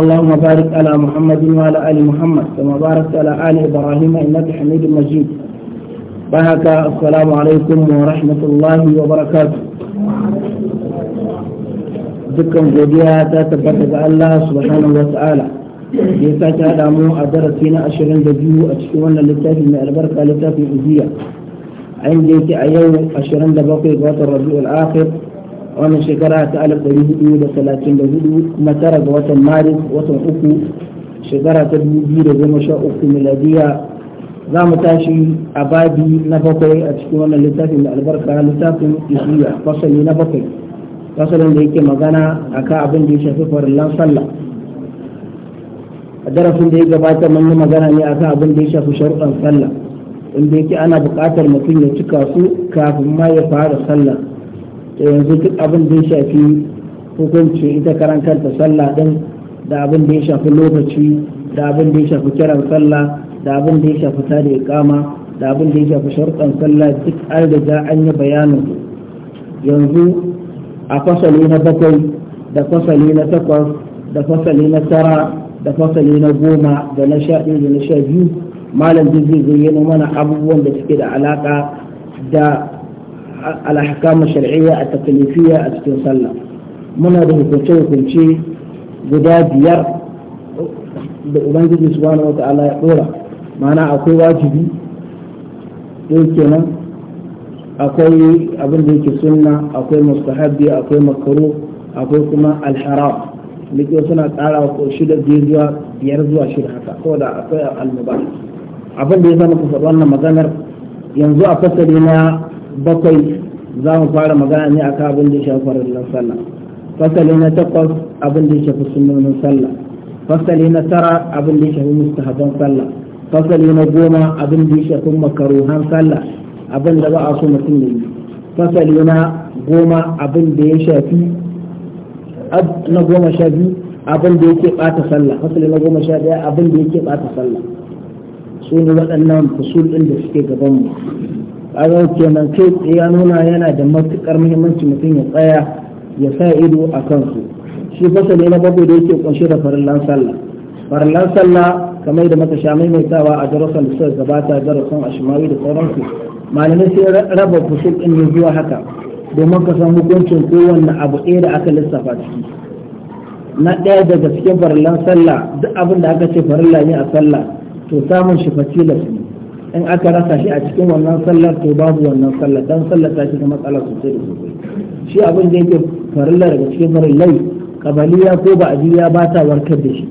اللهم بارك على محمد وعلى آل محمد كما باركت على آل إبراهيم إنك حميد مجيد بهك السلام عليكم ورحمة الله وبركاته dukkan godiya ta tabbata ga Allah subhanahu wa ta'ala da ya sake haɗa mu a darasi na ashirin da biyu a cikin wannan littafi mai albarka littafin ujiya a inda yake a yau ashirin da bakwai ga watan rabi'ul akhir wannan shekara ta alif ɗari hudu da talatin da hudu kuma tara ga watan maris watan uku shekara ta dubu biyu da goma sha uku miladiya za mu tashi a babi na bakwai a cikin wannan littafin da albarka littafin isiya fasali na bakwai fasalin da yake magana a akan abin da ya shafi farillan sallah a darasin da ya gabata mun yi magana ne a akan abin da ya shafi sharuɗan sallah inda yake ana buƙatar mutum ya cika su kafin ma ya fara sallah to yanzu duk abin da ya shafi hukunci ita karan ta sallah din da abin da ya shafi lokaci da abin da ya shafi kiran sallah da abin da ya shafi da iqama da abin da ya shafi sharuɗan sallah duk an riga an yi bayanin yanzu a fasali na bakwai da fasali na takwas da fasali na tara da fasali na goma da na sha da na sha biyu malam zai zayyano mana abubuwan da suke da alaƙa da الاحكام الشرعيه التكليفيه استوصلنا من هذا الكتاب كل شيء جداد ير بأبنجد سبحانه وتعالى يقول معنى أكو واجبي يمكن إيه أكو أبنجد السنة أقول مستحب أكو مكروه أكو كما الحرام لكي سنة تعالى أقول شد الجيزوى يرزوى شد حتى أقول أقول أكو المباح أبنجد سنة كفرنا مدنر ينزو أكثر bakwai za mu fara magana ne akan abin da ya shafi farallar sallah fasali na takwas abin da ya shafi sunnonin sallah fasali na tara abin da ya shafi mustahaban sallah fasali na goma abin da ya shafi makaruhan sallah abin da ba a so mutum ya yi fasali na goma abin da ya shafi na goma sha biyu abin da yake bata sallah fasali na goma sha daya abin da yake bata sallah su ne waɗannan fasul ɗin da suke gaban mu kaga kenan kai tsaye ya nuna yana da matukar muhimmanci mutum ya tsaya ya sa ido a kansu shi fasali na bakwai da yake kunshe da farillan sallah farillan sallah kamar da muka sha maimaitawa a darasan da suka gabata darasan ashimawi da sauransu malamai sai raba fusul din ne zuwa haka domin ka san hukuncin kowanne abu ɗaya da aka lissafa ciki na ɗaya daga cikin farillan sallah duk abin da aka ce farilla ne a sallah to samun shi fatilas ne in aka rasa shi a cikin wannan sallar to babu wannan sallar dan sallar ta shiga matsala sosai da sosai shi abin da yake farilla daga cikin farillai kabaliya ko ba'adiyya ba ta warkar da shi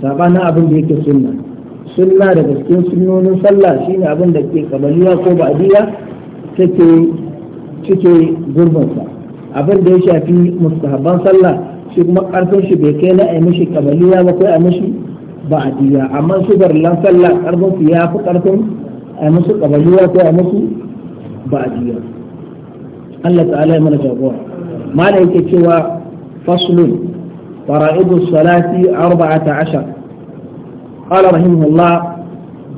sabanin abin da yake sunna sunna daga cikin sunnonin sallah shine abin da ke kabaliya ko ba'adiyya take cike sa abin da ya shafi mustahabban sallah shi kuma karfin shi bai kai na a mishi kabaliya ba ko a mishi diya amma su farillan sallah karfin su ya fi karfin a musu kabaliya ko a musu ba'adiyya Allah ta'ala ya mana jagora malam yake cewa faslun fara'idu salati arba'ata ashar qala rahimahullah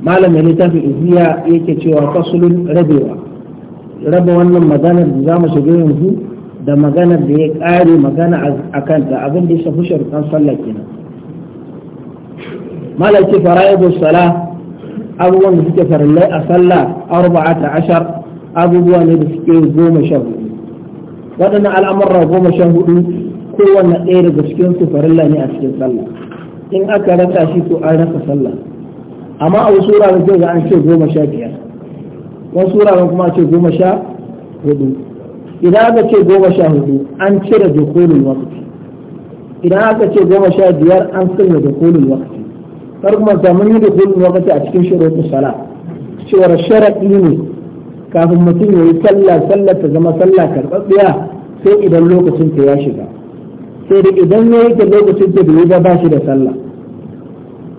malam ya littafi iziya yake cewa faslun rabewa raba wannan maganar da za mu shiga yanzu da maganar da ya kare magana a kanta abin da ya shafi sharuɗan sallah kenan malaki fara'idu sala abubuwan da suke farallai a sallah ta ashar abubuwa ne da suke goma sha hudu waɗannan al'amurra goma sha hudu kowanne ɗaya daga cikin su farilla ne a cikin sallah in aka rasa shi to an rasa sallah amma a wasu wuraren zai ga an ce goma sha biyar wasu wuraren kuma ce goma sha hudu idan aka ce goma sha hudu an cire dokolin wakati. idan aka ce goma sha biyar an sanya dokolin wakati. kar kuma zaman yi da kullum lokaci a cikin shirin sala cewar sharaɗi ne kafin mutum ya yi sallah sallah ta zama sallah karɓaɓɓiya sai idan lokacin ta ya shiga sai da idan ya yi ta lokacin ta bai ba ba shi da sallah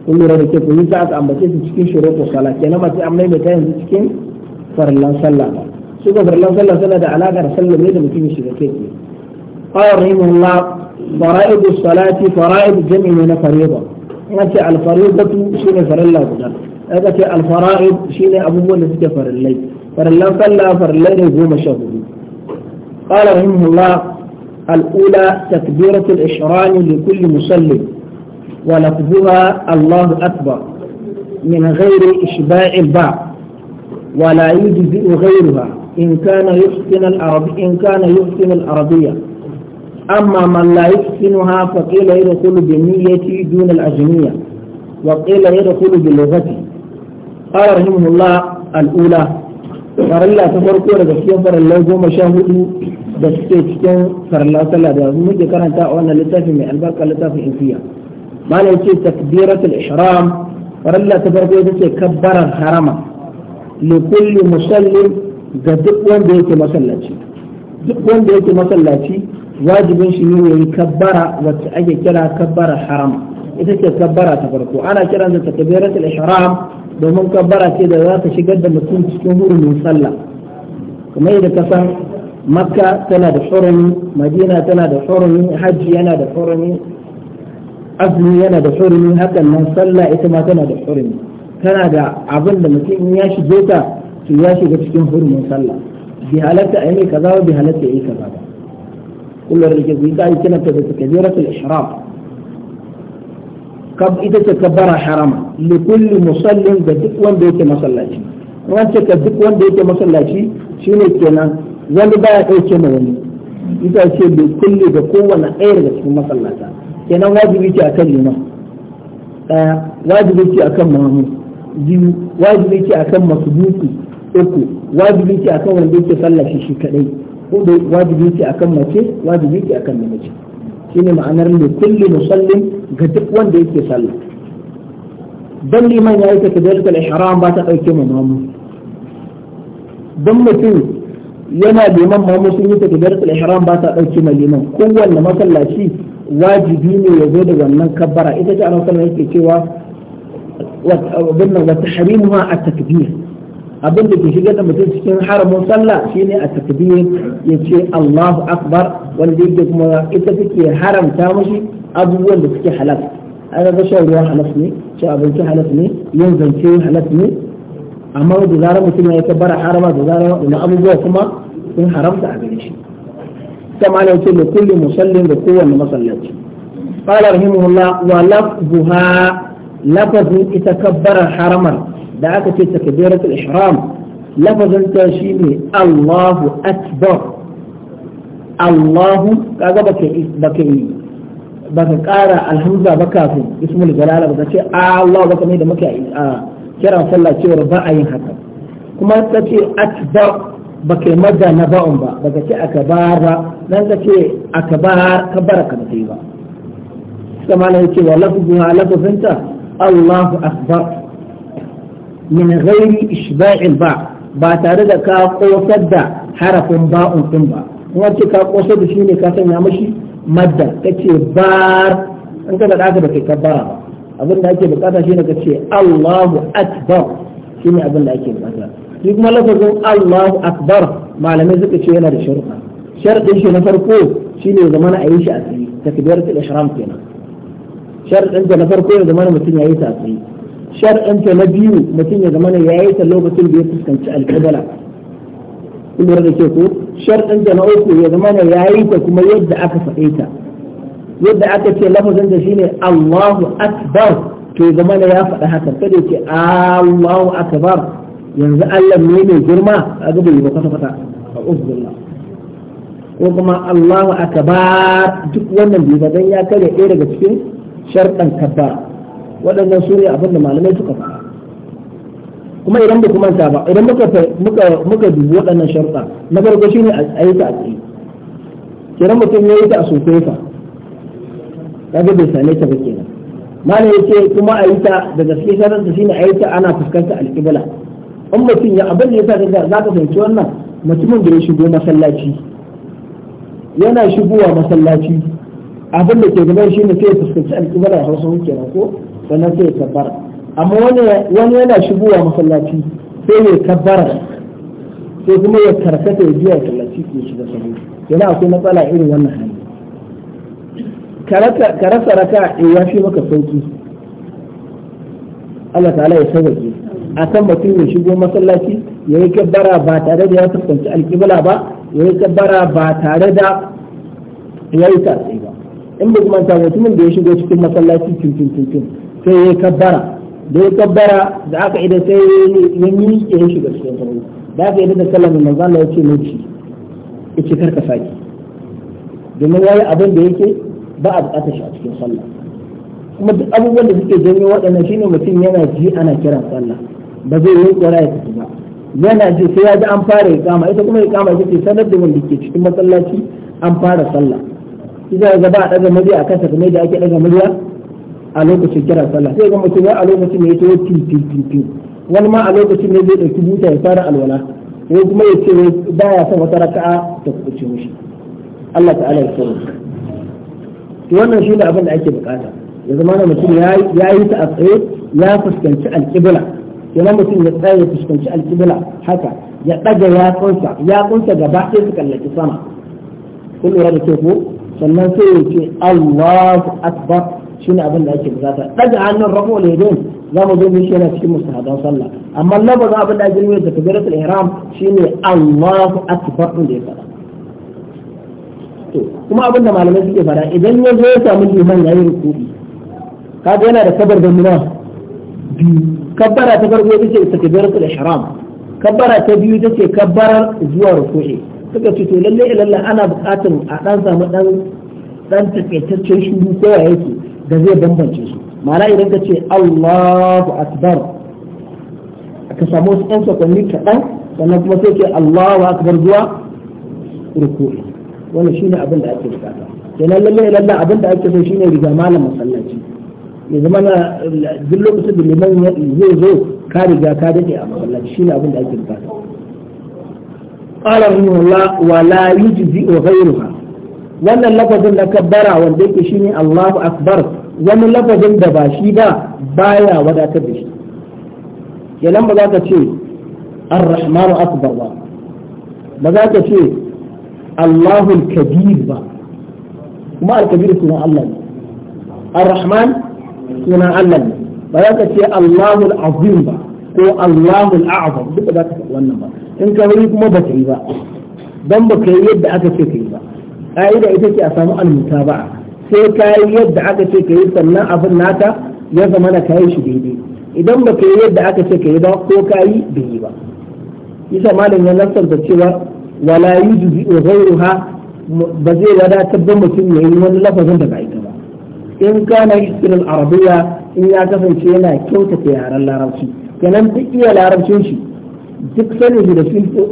kun lura da ke kun yi aka ambace su cikin shirin sala kenan ba sai an maimaita yanzu cikin farallan sallah ba su ga farallan sallah suna da alaƙa da sallah ne da mutum ya shiga kai ke qala rahimahullah fara'id as-salati fara'id jam'i na fariḍah nace alfaribatu shine farilla guda aka الفرائض شين أبو abubuwan da suke farillai farillan sallah farillai ne قال رحمه الله الأولى تكبيرة الإشران لكل مسلم ولفظها الله أكبر من غير إشباع الباء ولا يجزئ غيرها إن كان يحسن العربي إن كان يحسن العربية أما من لا يحسنها فقيل يدخل بالنية دون الأجنية وقيل يدخل باللغة قال رحمه الله الأولى farilla ta farko daga cikin farillai goma sha hudu da cikin farilla sallah da muke karanta a wannan littafi mai albarka littafin infiya malam ce takbiratul ihram farilla ta farko ita ce kabbarar harama li kulli musallin ga duk wanda yake yake masallaci wajibin shi ne yayi kabbara wacce ake kira kabbara haram ita ce kabbara ta farko ana kiran da takbiratul ihram domin kabbara ce da za ta shigar da mutum cikin hurumin sallah kamar yadda ka san makka tana da hurumi madina tana da hurumi hajji yana da hurumi azumi yana da hurumi hakan nan sallah ita ma tana da hurumi tana da abin da mutum ya shige ta to ya shiga cikin hurumin sallah bi halatta ayi kaza bi halatta ayi kaza Kullar da ke guda yi kiranta da takbiratul ihram kab ita ce kabbara harama li kulli musallin da duk wanda yake masallaci wance ka duk wanda yake masallaci shine kenan wani baya dauke ma wani ita ce li kulli da kowanne ɗaya daga cikin masallata kenan wajibi ce akan liman ɗaya wajibi ce akan mamu biyu wajibi ce akan masubuki uku wajibi ce akan wanda yake sallashi shi kadai hudu wajibi ce akan mace wajibi ce akan namiji shine ma'anar ne kulli musallin ga duk wanda yake sallah dan liman yayi ta kadalika al-ihram ba ta dauke mu mamu dan mutum yana liman mamu sun yi ta kadalika ihram ba ta dauke mu liman kowanne masallaci wajibi ne ya zo da wannan kabbara ita ce annabi yake cewa wa binna wa tahrimuha at-takbir abin da ke shigar da mutum cikin haramun sallah shine a takbir ya ce Allahu akbar wanda yake kuma ita take haramta mashi abubuwan da suke halal an ga shan ruwa halas ne shan abinci halas ne yin zance halas ne amma da zarar mutum ya kabbara harama da zarar wadannan abubuwa kuma sun haramta a gare shi da لو كل كل مسلم بقوة المصلات قال رحمه الله ولفظها لفظ يتكبر haramar. da aka ce takbiratul ihram lafazin ta shine Allahu akbar Allahu kaga baka baka baka ƙara alhamza ba kafin ismul jalala baka ce Allah baka mai da muke a kiran sallah cewar ba a yin haka kuma ta ce akbar baka madda na ba'un ba baka ce akabar ba nan ka ce akabar kabara ka ba kai ba sai malai ce wa lafzuha lafzinta Allahu akbar من غير إشباع الباء باتارد كاقوصد دا حرف باء تنبا وانت كاقوصد شيني كاسم يامشي مدى كتشي بار انت لا تعرف كي كبار أبن لا يجب أن تعرف شيني كتشي الله أكبر شيني أبن لا يجب أن يقول الله فرقون الله أكبر ما لم يزك شيني لا شرقا شرق إيشي نفرقو شيني زمان أيش أسلي تكبيرت الإحرام فينا شرق إنت نفرقو زمان متنى أيش أسلي shar'anta na biyu mutum ya zama ya yi ta lokacin da ya fuskanci alƙibla kun da ke ko shar'anta na uku ya zama ya yi ta kuma yadda aka faɗe ta yadda aka ce lafazin da shine Allahu akbar to ya zama ya faɗa haka kada ya ce Allahu akbar yanzu Allah ne mai girma a gaba yi ba kwata kwata a ko kuma Allahu akbar duk wannan bai zan ya karya ɗaya daga cikin sharɗan kabbar waɗannan su ne abin da malamai suka faɗa kuma idan ba kuma ba idan muka muka muka dubi waɗannan sharuɗa na farko shine a yi ta a tsaye kiran mutum ya yi ta a sofe fa kaga bai same ta ba kenan malam ce kuma a yi ta da gaske sharuɗa shine a yi ta ana fuskantar alƙibla in mutum ya abin da ya sa za ka fahimci wannan mutumin da ya shigo masallaci yana shigowa masallaci abin da ke gaban shi ne sai ya fuskanci alƙibla a hausa kenan ko sannan sai ya kabbara amma wani yana shigowa masallaci sai ya kabbara sai kuma ya karkata ya biya masallaci ya shiga sabo yana akwai matsala irin wannan hali ka rasa raka eh, ya fi maka sauki Allah ta'ala ya sauke a kan mutum ya shigo masallaci ya yi kabbara ba tare da ya fuskanci alƙibla ba ya yi kabbara ba tare da ya yi tasiri ba in ba manta mutumin da ya shigo cikin masallaci tuntun tuntun sai ya kabbara da ya kabbara da aka ida sai ya miƙe ya shiga cikin sauri da aka ida da sallar manzo Allah ya ce mace ya ce karka saki domin yayi abin da yake ba a buƙatar shi a cikin sallah kuma duk abubuwan da suke janyo waɗannan shine mutum yana ji ana kiran sallah ba zai yi ƙwara ya tafi ba yana ji sai ya ji an fara ya kama, ita kuma ya kama ita ce sanar da wanda ke cikin masallaci an fara sallah idan ga ba a daga murya akan ta kamar da ake daga murya a lokacin kira sallah sai ga mutum ya a lokacin ne ya tawo titi wani ma a lokacin ne zai dauki buta ya fara alwala ko kuma ya ce ba ya son wata raka'a ta kuce mishi Allah ta'ala ya tsare to wannan shine abin da ake bukata ya zama na mutum ya yi ta a tsaye ya fuskanci alƙibla kenan mutum ya tsaye ya fuskanci alƙibla haka ya ɗaga ya yatsunsa gaba ɗaya su kallaki sama kun lura da ke ko sannan sai ya ce Allahu akbar ne abin da ake bukata daga hannun rabu laidin za mu zo mu shi yana cikin mustahadan sallah amma za abin da ake yi da kabiratul ihram shi ne Allahu akbar din da ya fara to kuma abin da malamai suke fara idan ya zo ya samu liman yayin rukudi kaga yana da kabar da nuna biyu kabbara ta farko ita ce takbiratul ihram kabbara ta biyu ita ce kabbarar zuwa ruku'i suka ce to lalle ilalla ana buƙatar a dan samu dan dan takaitaccen shuru ko ya yake da zai bambance su ma'ana idan ka ce Allahu akbar ka samu wasu ɗan sakonni kaɗan sannan kuma sai ke Allahu akbar zuwa ruku'i wannan shine abin da ake buƙata kenan lalle ilalla abin da ake so shine riga malam masallaci ya zama na duk lokacin da liman zai zo ka riga ka dade a masallaci shine abin da ake bukata qala rahimahullah wa la yujzi ghayruha wannan lafazin na kabbara wanda yake shine Allahu akbar wani lafazin da ba shi ba baya wadatar da shi kenan ba za ka ce ar-rahmanu akbar ba ba za ka ce al-kabir ba kuma al ba za ce Allahu ba ko Allahu wannan ba in ka yi kuma ba ta yi ba don ba ka yi yadda aka ce ka yi ba ƙa'ida ita ce a samu almuta ba sai ka yi yadda aka ce ka yi sannan abin naka ya zama na ka yi shi daidai idan ba ka yi yadda aka ce ka yi ba ko ka yi bai yi ba isa malam ya nasar da cewa wala yujzi ghayruha ba zai wadatar da mutum ya yi wani lafazin da ba ita ba in kana yusrul arabiya in ya kasance yana kyautata yaren larabci kenan duk iya larabcin shi duk sanin shi da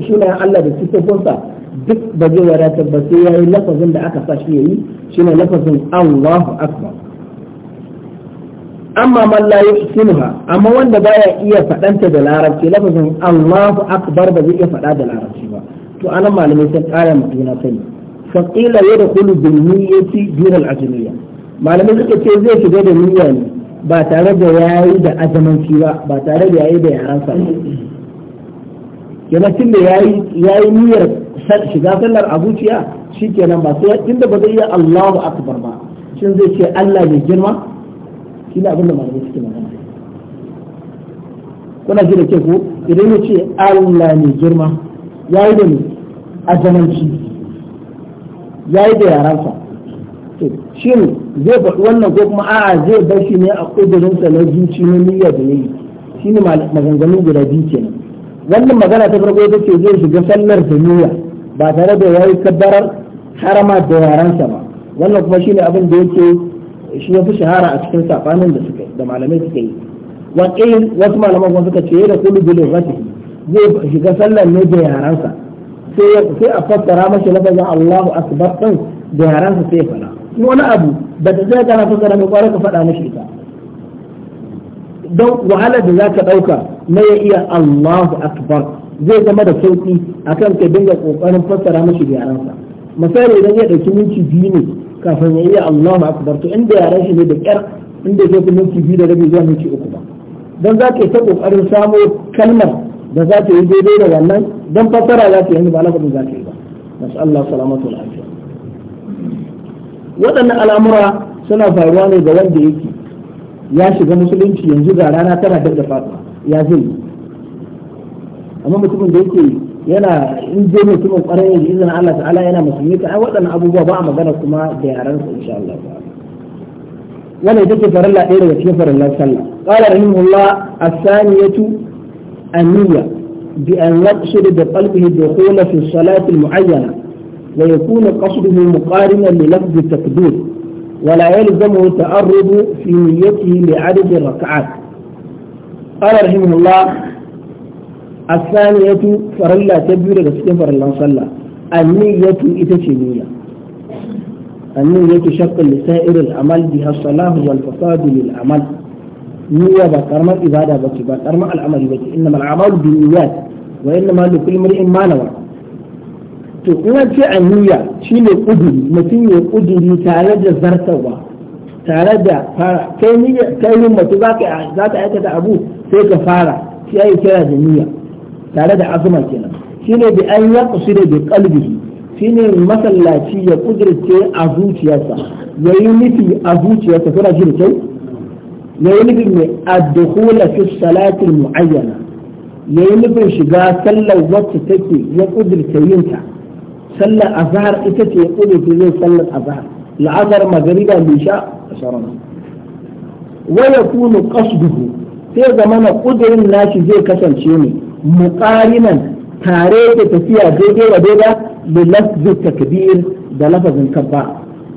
sunayen Allah da sifofinsa duk ba zai wadatar ba sai yayi lafazin da aka sa shi yayi shine lafazin Allahu akbar amma man la yuhsinuha amma wanda baya iya fadanta da larabci lafazin Allahu akbar ba zai iya fada da larabci ba to anan malamai sun kare mu juna sani fa qila yadkhulu bil niyyati dun al ajniyya malamai suka ce zai shiga da niyya ne ba tare da yayi da azamanci ba ba tare da yayi da yaransa ba kenan tunda ya yi niyyar shiga sallar a zuciya kenan ba sai inda ba zai yi Allahu akbar ba shin zai ce Allah mai girma ne abin da malamai suke magana kuna ji da ke ku idan ya ce Allah mai girma ya yi da ni azamanci yi da yaransa ne zai faɗi wannan ko kuma a'a zai bar shi ne a ƙudurinsa na zuci na niyyar da yayi ne maganganun guda biyu kenan wannan magana ta farko ita ce zai shiga sallar da niyya ba tare da ya yi kabbarar harama da yaransa ba wannan kuma shine abin da yake shi ya fi shahara a cikin sabanin da suka da malamai suka yi wakil wasu malaman kuma suka ce da kullu bilin ratihi zai shiga sallar ne da yaransa sai a fassara mashi lafazin Allahu akbar din da yaransa sai fara kuma wani abu da ta zai kana fassara mai kwarar ka faɗa mashi ita don wahalar da za ka ɗauka na ya iya Allahu akbar zai zama da sauƙi a kan ka dinga ƙoƙarin fassara mashi da yaransa misali idan ya ɗauki minti biyu ne kafin ya iya Allahu akbar to inda yaran shi ne da kyar inda zai fi minti biyu da rabi zuwa minti uku ba don za ka yi ta ƙoƙarin samo kalmar da za ta yi daidai da wannan don fassara za ta yi ba alaƙa za ta yi ba masu Allah salamatu lafiya waɗannan al'amura suna faruwa ne ga wanda yake ya shiga musulunci yanzu ga rana tana dab da fatuwa ya zai amma mutumin da yake yana in je mutumin kwarai da izinin Allah ta'ala yana musulmi ta ai waɗannan abubuwa ba a magana kuma da yaran su insha Allah wannan ita ce farilla ɗaya daga cikin farillan sallah qala rahimahullah as-saniyatu an-niyya bi an yaqsid bi qalbihi dukhula fi as-salati al-mu'ayyana ويكون قصده مقارنا للفظ التكبير ولا يلزمه التعرض في نيته لعدد الركعات قال رحمه الله الثانية فرلا تبير لسكين فرلا صلى النية إتشي النية شق لسائر العمل بها الصلاة والفساد للعمل نية بكرمة إبادة بكرمة العمل بكي إنما العمل بالنيات وإنما لكل امرئ ما نوى to kuma ce aniya shine kuduri mutum ya kuduri tare da zartawa tare da fara kai niyya kai himmatu aikata abu sai ka fara shi ya kira da niyya tare da azuma kenan shine bi an yaqsida bi qalbihi shine masallaci ya kudirce a zuciyarsa yayi nufi a zuciyarsa kuna shi da kyau ya nufi mai ad-dukhula fi salati al-mu'ayyana yayi nufin shiga sallar wacce take ya kudirce yinta sallar azhar ita ce kudu zai sallar azhar la'azar magariba bai sha a sharon wa yakunu qasduhu sai zamana kudirin nashi zai kasance ne muqarinan tare da tafiya daidai wa daida da lafzin takbir da lafazin kabba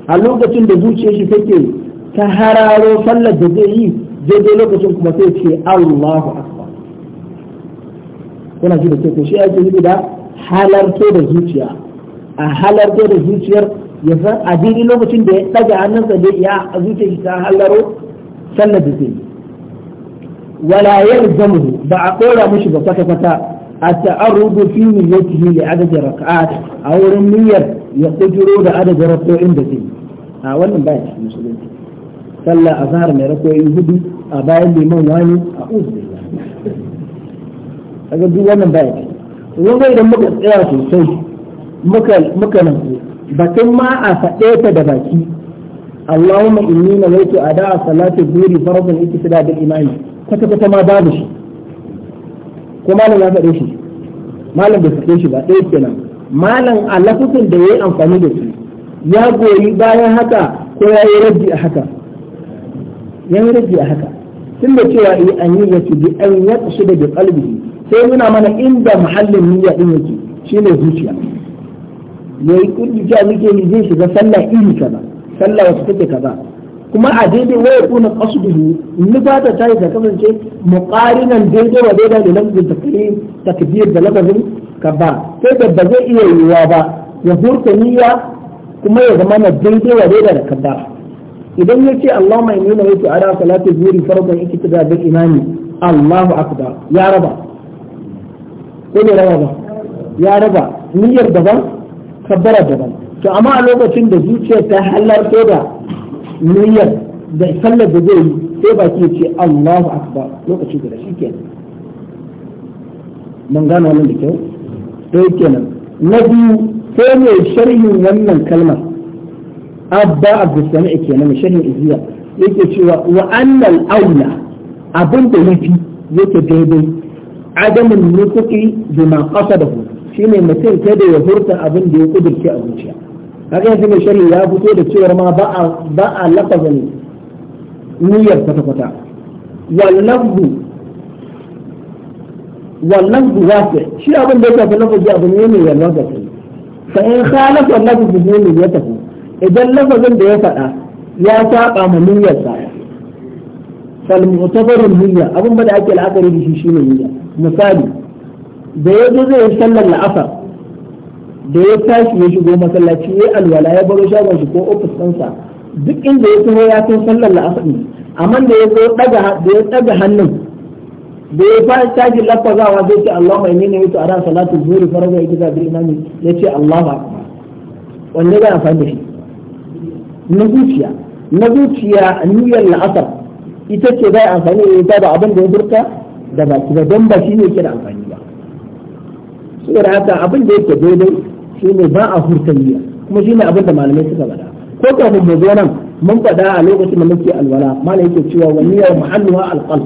a lokacin da zuciyar shi take ta hararo sallar da zai yi daidai lokacin kuma sai ce Allahu akbar kuna ji da ke shi ake yi da halarto da zuciya a halar da zuciyar ya san a daidai lokacin da ya ɗaga hannunsa da ya a zuciyar shi ta halaro sallar da zai wala yalzamu ba a kora mushi ba kwata kwata a ta'arrudu fi niyyatihi li adadi rak'at a wurin niyyar ya kujiro da adadin rak'o'in da zai a wannan baya cikin musulunci sallah azhar mai rak'o'i hudu a bayan liman wani a uzbillah kaga duk wannan baya cikin wanda idan muka tsaya sosai muka nufi batun ma a faɗe ta da baki Allahumma inni na laifin a da'a salatu buri iki iktisada da imani kwata kwata ma babu shi ko malam ya faɗe shi malam bai faɗe shi ba ɗaya kenan malam a lafufin da ya yi amfani da su ya goyi bayan haka ko ya yi rabbi a haka ya yi raji a haka tun da cewa yi eh, an yi yake bi an yi da bi kalbi sai nuna mana inda muhallin niyya ɗin yake shi ne zuciya ya yi kulli a muke zai shiga sallah iri kaza sallah wasu take kaza kuma a daidai waya kuna qasduhu nufata ta yi ta kasance muqarinan daidai wa daidai da lafzin takbir takbir da lafzin kaba sai da ba zai iya yiwa ba ya hurta niyya kuma ya zama na daidai wa daidai da kaba idan ya ce Allah mai nuna yake ara salatu zuri farkon ikitida da imani Allahu akbar ya raba ko bai raba ya raba niyyar daban kabbara daban to amma a lokacin da zuciyar ta halarto da niyyar da sallar da zai yi sai ba ya ce Allahu akbar lokaci guda shikenan mun gano wannan da kyau to kenan na biyu sai mai sharhin wannan kalmar abba abdulsami kenan sharhin iziya yake cewa wa annal aula abin da yafi yake daidai adamin nukuki bima qasadahu ne mutum kada ya hurta abin da ya kudurce a zuciya kaga yanzu mai shari'a ya fito da cewar ma ba a lafazin niyyar kwata-kwata wallafzu wallafzu wasu shi abin da ya tafi lafazi abu ne mai yalwar da kai fa in khalaf wallafu ne ne ya tafi idan lafazin da ya faɗa ya saba ma sa niyyarsa ta mu'tabarul niyya abin ba da ake la'akari da shi shi ne niyya misali da ya zo zai yi sallar la'asar da ya tashi ya shigo masallaci ya alwala ya baro shagon shi ko ofis ɗinsa duk inda ya taho ya kai sallar la'asar ne amma da ya zo da ya ɗaga hannun da ya fara tashi lafazawa zai ce Allah mai nina yato a ran salatu zuri faraga ya gida bil imami ya ce Allahu akbar wanda ga amfani da shi na zuciya na zuciya niyyar la'asar ita ce zai amfani da ita ba abin da ya burka da baki ba don ba shi ne ke da amfani ba saboda haka abin da yake daidai ne ba a hurta niyya kuma shine abin da malamai suka faɗa ko kafin mu zo nan mun faɗa a lokacin da muke alwala malam yake cewa wa niyya mahalluha alqalb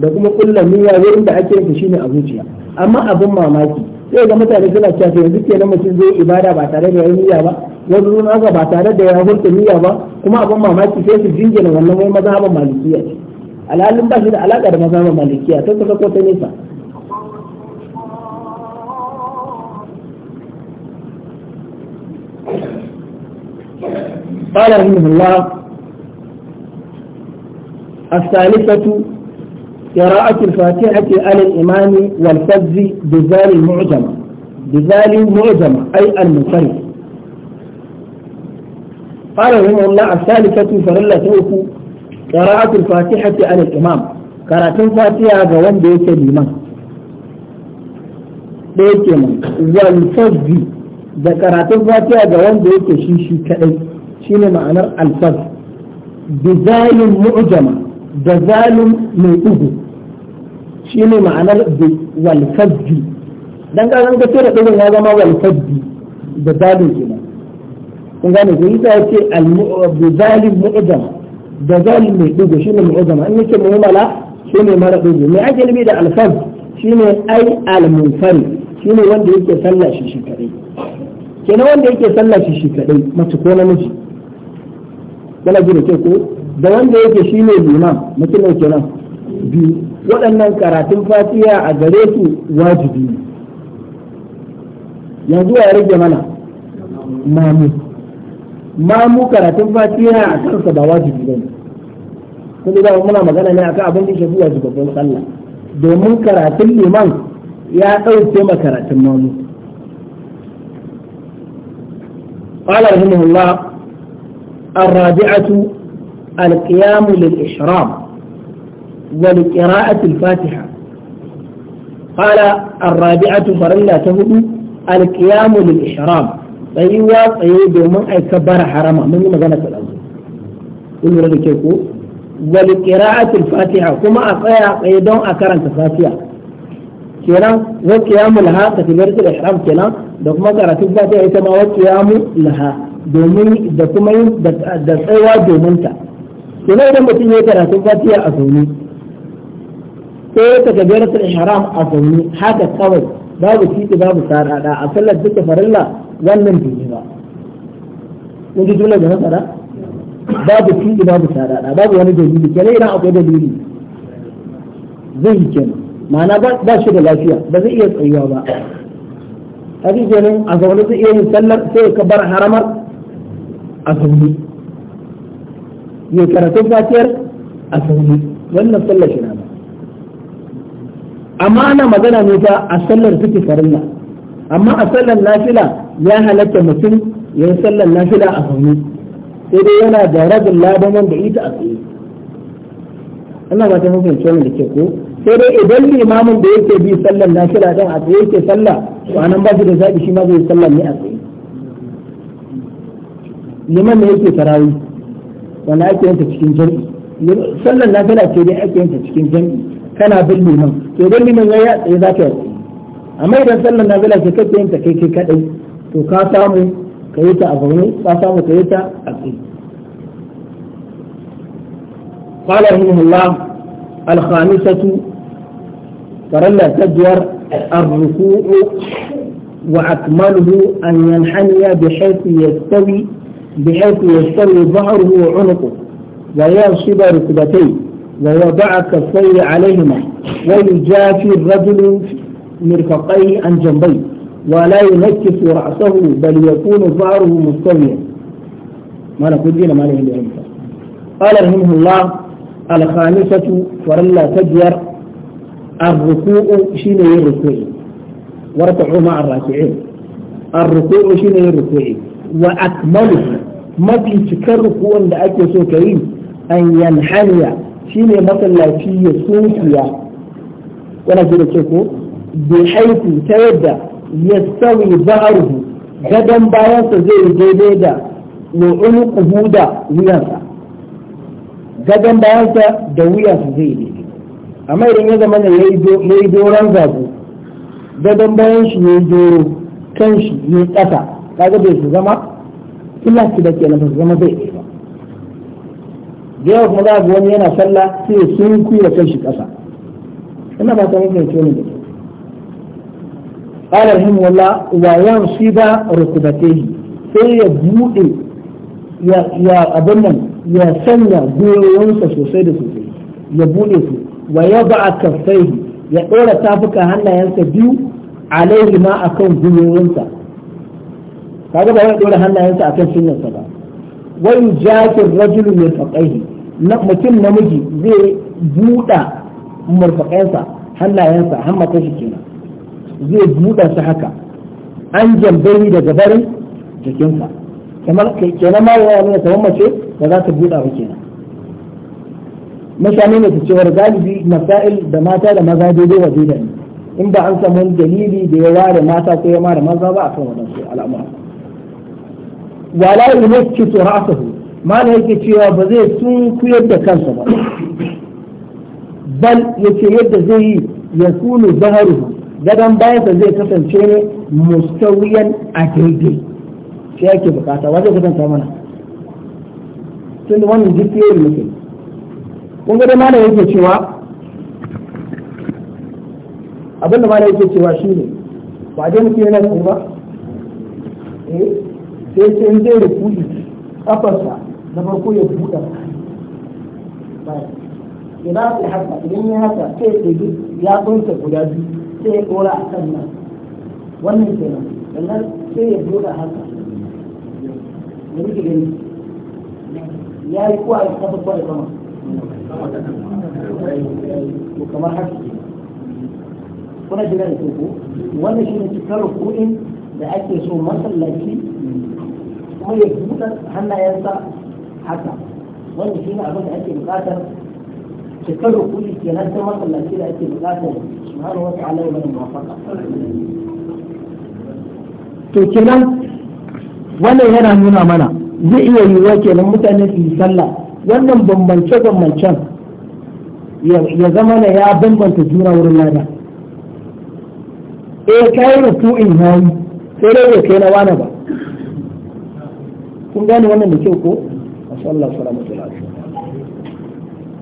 da kuma kullu niyya wurin da ake yin shine a zuciya amma abin mamaki sai ga mutane suna cewa to yanzu kenan mutum zai ibada ba tare da yayin niyya ba wani ruwan ga ba tare da ya hurta niyya ba kuma abin mamaki sai su jingina wannan wai mazhaban malikiya ce alhalin ba shi da alaka da mazhaban malikiya ta ka ko ta nesa قال رحمه الله الثالثة قراءة الفاتحة على الإمام والفز بذال المعجمة بذال المعجمة أي المنفرد قال رحمه الله الثالثة فرلا توفو قراءة الفاتحة على الإمام قراءة الفاتحة غوان بيت الإمام بيت الإمام والفز ذكرات الفاتحة غوان بيت الشيشي كأي shine ma'anar alfaz bi zalim mu'jama da zalim mai ugu shine ma'anar bi wal dan ka ga sai da dubin ya zama wal fajji da zalim kenan kun gane ko yi ce al bi zalim mu'jama da zalim mai ugu shine mu'jama in yake mu'mala shine mara ugu mai ake da alfaz shine ai al munfari shine wanda yake sallah shi shi kadai kenan wanda yake sallah shi shi kadai mace ko namiji yana ji da ke ko da wanda yake shi ne liman mutum ne kenan biyu waɗannan karatun fatiha a gare su wajibi ne yanzu ya rage mana mamu mamu karatun fatiha a kansa ba wajibi ne kuma da muna magana ne akan abin da ya shafi wajibabban sallah domin karatun liman ya ɗauke ma karatun mamu قال رحمه الله الرابعة القيام للإشرام ولقراءة الفاتحة قال الرابعة فرلا تهدو القيام للإشرام tsayuwa tsaye domin ai kabbara harama mun yi magana ta ɗazu kun lura da ke ko wal kuma a tsaya don a karanta fatiha kenan wa qiyamul laha kenan da kuma karatun fatiha ita ma wa domin da kuma yin da tsayawa domin ta kuma idan mutum ya karatu fatiha a sauni ko ya ta ihram a sauni haka kawai babu titi babu sarada a sallar duka farilla wannan bai ba kun ji jumla da nasara babu titi babu sarada babu wani dalili kenan idan akwai dalili zai yi kenan ma'ana ba shi da lafiya ba zai iya tsayuwa ba hadisi ne a zaune zai iya yin sallar sai ka bar haramar a sauni ya karatun fatiyar a sauni wannan sallar shi ba amma ana magana ne ta a sallar suke farilla amma a sallar nafila ya halatta mutum ya yi sallar nafila a sauni sai dai yana da rabin ladaman da ita a tsaye ana ba ta mafi cewa da ke ko sai dai idan limamin da yake bi sallar nafila don a tsaye yake sallah to anan ba shi da zaɓi shi ma zai sallar ne a tsaye liman ne yake tarawih wanda ake yanta cikin jami'i sallan na tana ce dai ake yanta cikin jami'i kana bin liman to bin liman ya tsaye za ka yi amma idan sallan na bila ce kake yanta kai kai kadai to ka samu ka yi ta a zaune ka samu ka yi ta a tsaye قال رحمه الله الخامسة فرلا تجور الركوع وأكمله أن ينحني بحيث يستوي بحيث يشتري ظهره وعنقه وينصب ركبتيه ويضع كفيه عليهما ويجافي الرجل مرفقيه عن جنبيه ولا ينكس رأسه بل يكون ظهره مستويا ما نقول دينا ما له قال رحمه الله الخامسة ولا تجر الركوع شين الركوع واركعوا مع الراكعين الركوع شين الركوع وأكمله mafi cikar rukuwan da ake so ka yi an yanhaniya shine matsalaci ya sunkiya wani ji da ke ko Bai haifi ta yadda ya sauyi ba'aruhu gadon bayansa zai yi daidai da wa'ulu kuhu da wuyansa gadon bayansa da wuyansa zai daidai amma idan ya zama ne ya yi doron zabu gadon bayan shi ya yi doro kan shi ya yi ƙasa kaga bai su zama illa shi da kenan ba zama zai isa. da yawa kuma za ga wani yana sallah sai sun kuya kan shi ƙasa ina ba ta mafi yanke wani da ke ƙara rahimu wala wa yan shi ba rukubatehi sai ya buɗe ya abin nan ya sanya goyonsa sosai da sosai ya buɗe su wa ya ba a kafai ya ɗora tafuka hannayensa biyu alaihi ma akan goyonsa kaga ba wani dora hannayensa akan cinyarsa ba wai jakin rajulu min faqaihi na mutum namiji zai buɗa murfaƙensa hannayensa hammata shi kenan zai buɗa su haka an jambayi daga barin jikinsa kamar kenan ma ya nuna kamar mace ba za ta buɗa ba kenan mutane ne ta cewar galibi masail da mata da maza daidai wa daidai in ba an samu dalili da ya ware mata ko ya ware maza ba a kan wadansu al'amura wala yumkitu ra'sahu mana yake cewa ba zai tunkuyar da kansa ba bal yake yadda zai yi ya kunu zaharuhu gadon bayansa zai kasance ne mustawiyan a daidai shi yake bukata wa zai kasance mana tun da wannan jikiyoyin yake kun gada mana yake cewa abinda mana yake cewa shi ne ba dai mutum yana da ba eh sai ce in zai rufuɗi kafarsa na farko ya buɗa ina fi haka idan ya haka sai ya ɗauki ya ɗauka guda biyu sai ya ɗora a kan nan wannan nan sannan sai ya buɗa haka da rike gani ya yi kuwa ya kafa kuwa ya kama kamar haka kuna jira da teku wannan shi ne cikin rukunin da ake so masallaci kuma ya buɗe hannayensa haka wanda shi ne abin da ake buƙatar cikar rukuni ke nan ta masallaci da ake buƙatar subhanahu wa ta'ala ya bada muwafaka to kenan wannan yana nuna mana zai iya yiwuwa kenan mutane su yi sallah wannan bambance-bambancen ya zama na ya bambanta juna wurin lada eh kayan ruku'in yayi sai dai bai kai na wani ba kun gane wannan da kyau ko sallallahu alaihi wasallam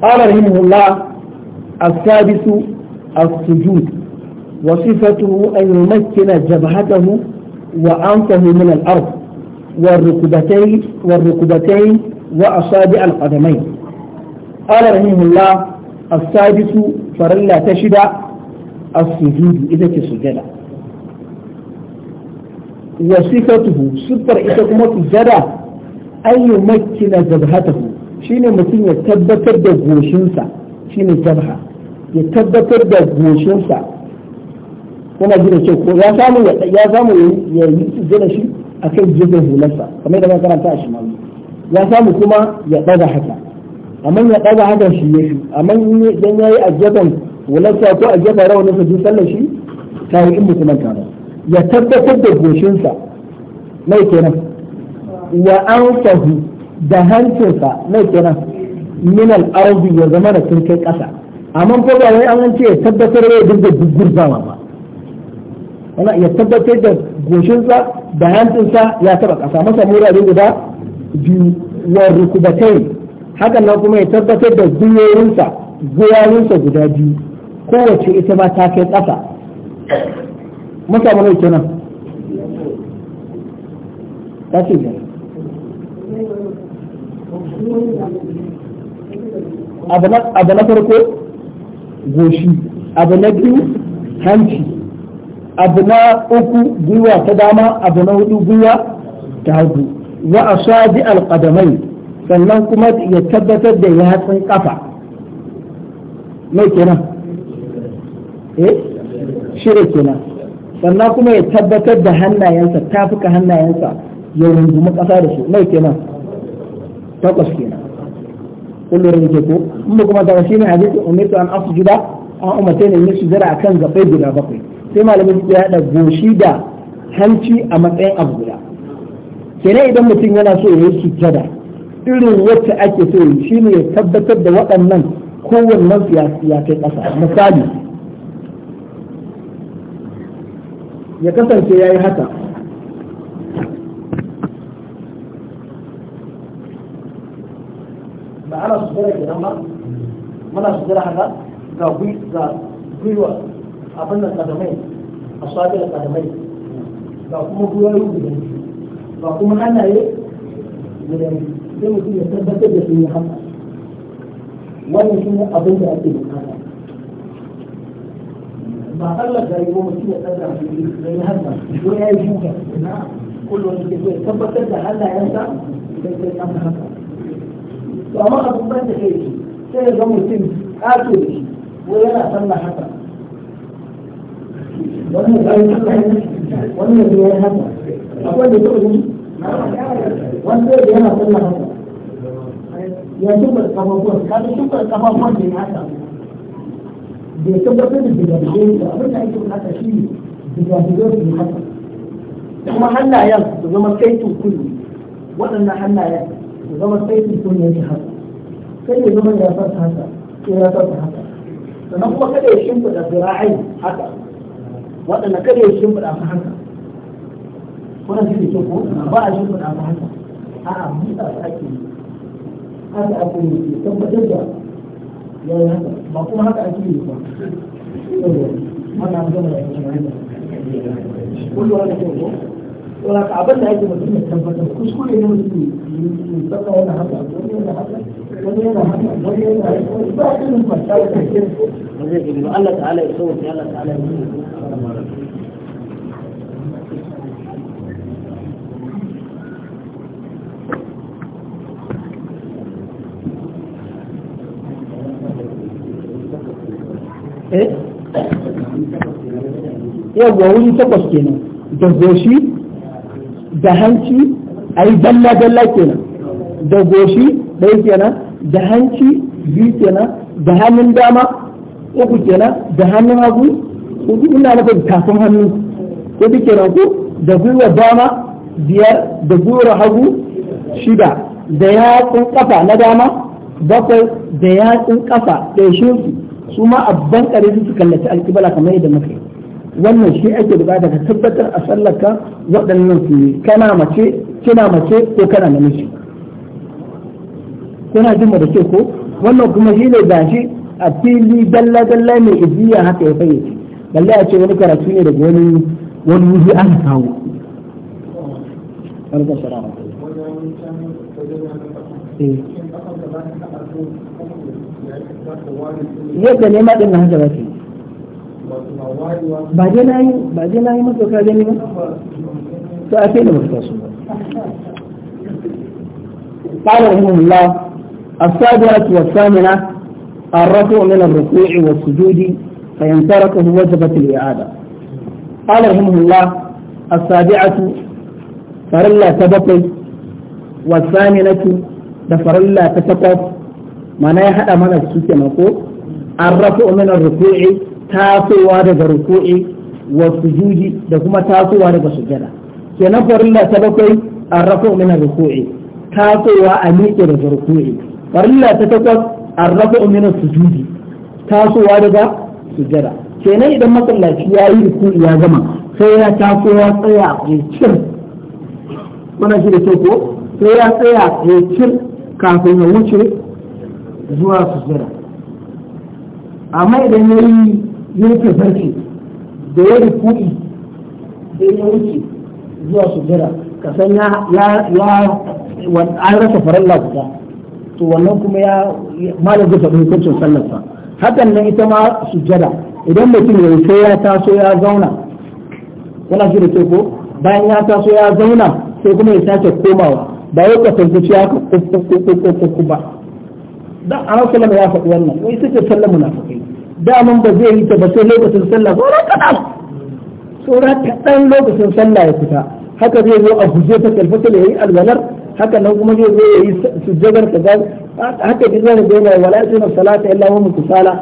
قال رحمه الله السادس السجود وصفته أن يمكن جبهته وأنفه من الأرض والركبتين والركبتين وأصابع القدمين قال رحمه الله السادس فرلا تشد السجود إذا تسجد وصفته سفر إذا كنت an yi makina shi ne mutum ya tabbatar da goshinsa shi ne zabha ya tabbatar da goshinsa kuma gina ce ko ya samu ya samu ya yi gina shi akan jibin hularsa kamar da makaranta a shimawi ya samu kuma ya ɗaga haka amma ya ɗaga haka shi ya fi amma idan ya yi a jibin hularsa ko a jibin rawaninsa duk sallar shi ta yi in mutum ta ya tabbatar da goshinsa mai kenan wa anfahu da hancinsa mai kenan min al-ardi ya zama da sun kai kasa amma ko ba wai an ce tabbatar da dinga gurgurzawa ba wala ya tabbatar da goshinsa da hancinsa ya taba kasa masa murare guda biyu wa rukubatai hakan nan kuma ya tabbatar da gwiwoyinsa gwiwoyinsa guda biyu kowace ita ma ta kai kasa masa mana kenan ta ce abu na farko goshi abu na biyu hanci abu na uku gwiwa ta dama abu na hudu gwiwa ta hagu wa a shaji alƙadamai sannan kuma ya tabbatar da ya yatsun ƙafa mai kenan eh shirya kenan sannan kuma ya tabbatar da hannayensa tafuka hannayensa ya rungumi ƙasa da su mai kenan takwas kenan kullum da ko kuma kuma ta shi ne hadisi umirtu an asjuda an umarta ne su zara akan gafai guda bakwai sai malamin ya hada goshi da hanci a matsayin abu guda kenan idan mutum yana so ya yi sujjada irin wacce ake so yi shine ya tabbatar da waɗannan kowanne su ya kai ƙasa misali ya kasance ya yi haka ba ana sujjada kenan ba muna sujjada haka ga gwiwa abin da kadamai a swabi da kadamai ga kuma gwiwoyi guda ga kuma hannaye guda sai mutum ya tabbatar da sun yi haka wannan shi ne abin da ake bukata ba Allah gari ko mutum ya tsada da ya haka ko ya yi shuka kullum da ke tabbatar da hannayensa sai sai an haka to amma abin ban da kai sai ga mutum kato da shi ko yana sallah haka wannan ne ya haka akwai da kyau ne wanda da yana sallah haka ya shukar kafafuwan kada shukar kafafuwan da ya haka bai tabbatar da digadigai da abin da ake bukata shi ne digadigai da ya haka kuma hannayen su zama kai tukuli waɗannan hannayen ya zama saiti ko ne yake haka sai ya zama ya sa haka ko ya sa haka sannan kuma kada ya shimfiɗa zira'ai haka waɗanda kada ya shimfiɗa su haka Kuna shi ne ke ko ba a shimfiɗa su haka a'a buɗa su ake yi haka ake yi tabbatar da ya yi haka ba kuma haka ake yi ba wannan gama da ya ce haka kullum wani ke ko ولك عبدنا أي مدينة تنفتح كل اللي مدينة يتبقى ولا حتى ولا حتى ولا حتى ولا حتى بقى كل المسألة تحكير قال تعالى يصوت قال تعالى يصوت yawwa wuri takwas kenan da goshi da hanci a yi dalla-dalla kenan da goshi ɗaya kenan da hanci biyu kenan da hannun dama uku kenan da hannun hagu uku ina nufin tafin hannu duk kenan ku da gwiwa dama biyar da gwiwar hagu shida da yatsun kafa na dama bakwai da yatsun kafa ɗaya shi su ma abban kare su kallaci alkibala kamar yadda muka yi wannan shi ake bukata daga tabbatar a sallaka waɗannan su yi kana mace kina mace ko kana namiji kuna jin da ke ko wannan kuma shi ne gashi a fili dalla dalla mai ijiya haka ya fayyace balle a ce wani karatu ne daga wani wani wuri an kawo eh. yadda ne ma ɗin na haka ba ke بعدين أي بعدين أي مدرك فأتينا قال رحمه الله السابعة والثامنة الرفع من الركوع والسجود فإن تركه وجبت الإعادة قال رحمه الله السابعة فرلا تبقي والثامنة فرلا تتقف ما نهى من السجود الرفع من الركوع tasowa daga ruku'i wa sujudi da kuma tasowa daga sujada kenan farilla ta bakwai arrafu min ruku'i tasowa a miƙe daga ruku'i farilla ta takwas arrafu min sujudi tasowa daga sujada kenan idan masallaci ya yi ruku'i ya gama sai ya tasowa tsaya a cikin wannan shi da ke ko sai ya tsaya a cikin kafin ya wuce zuwa sujada amma idan ya yi yanke farce da ya rufu'i da ya wuce zuwa sujjada ka san ya ya an rasa farar lafuta to wannan kuma ya malam zai faɗi hukuncin sallarsa hakan nan ita ma su jira idan mutum ya sai ya taso ya zauna wana shi da ke ko bayan ya taso ya zauna sai kuma ya sake komawa ba ya kasance ciya ka kuku ba dan rasu sallama ya faɗi wannan wai suke sallar munafikai daman ba zai yi ta ba sai lokacin sallah ba saura kaɗan saura kaɗan lokacin sallah ya fita haka zai zo a guje ta kalfata da yi alwalar haka nan kuma zai zo ya yi yayi sujjadar kaza haka dai zai ga yana wala yasuna salata illa hum sala.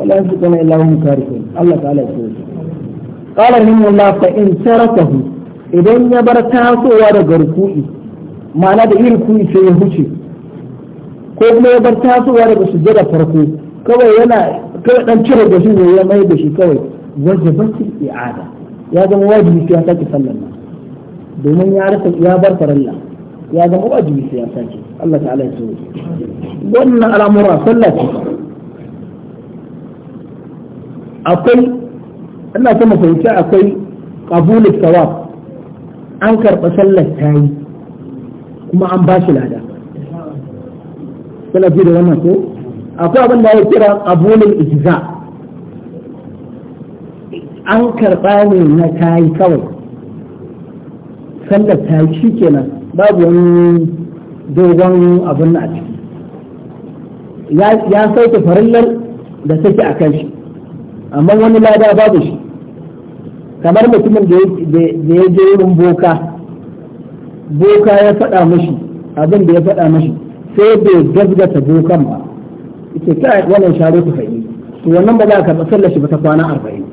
wala yasuna illa hum karihun Allah ta'ala ya so qala minhu la fa in tarakahu idan ya bar tasowa daga ruku'i ma'ana da yin ruku'i sai ya huce ko kuma ya bar tasowa daga sujjada farko kawai yana kawai dan cire da shi ne ya mai da shi kawai wajibatul i'ada ya zama wajibi sai ya saki sallar nan domin ya rasa ya bar farilla ya zama wajibi sai ya saki Allah ta'ala ya tsoro wannan al'amura sallah ce akwai ina so mu fahimci akwai qabulul thawab an karɓa sallar tayi kuma an ba shi lada sallar da wannan ko akwai abin da ya kira abunin ijiza an karɓa ne na kayi kawai sallar ta shi kenan babu wani dogon abin a ciki ya sauke farillar da take a kan shi amma wani lada babu shi kamar mutumin da ya je wurin boka boka ya faɗa mashi abin da ya faɗa mashi sai bai gazgata bokan ba yace kai wannan share ku fa'i to wannan ba za ka karɓa sallar shi ba ta kwana arba'in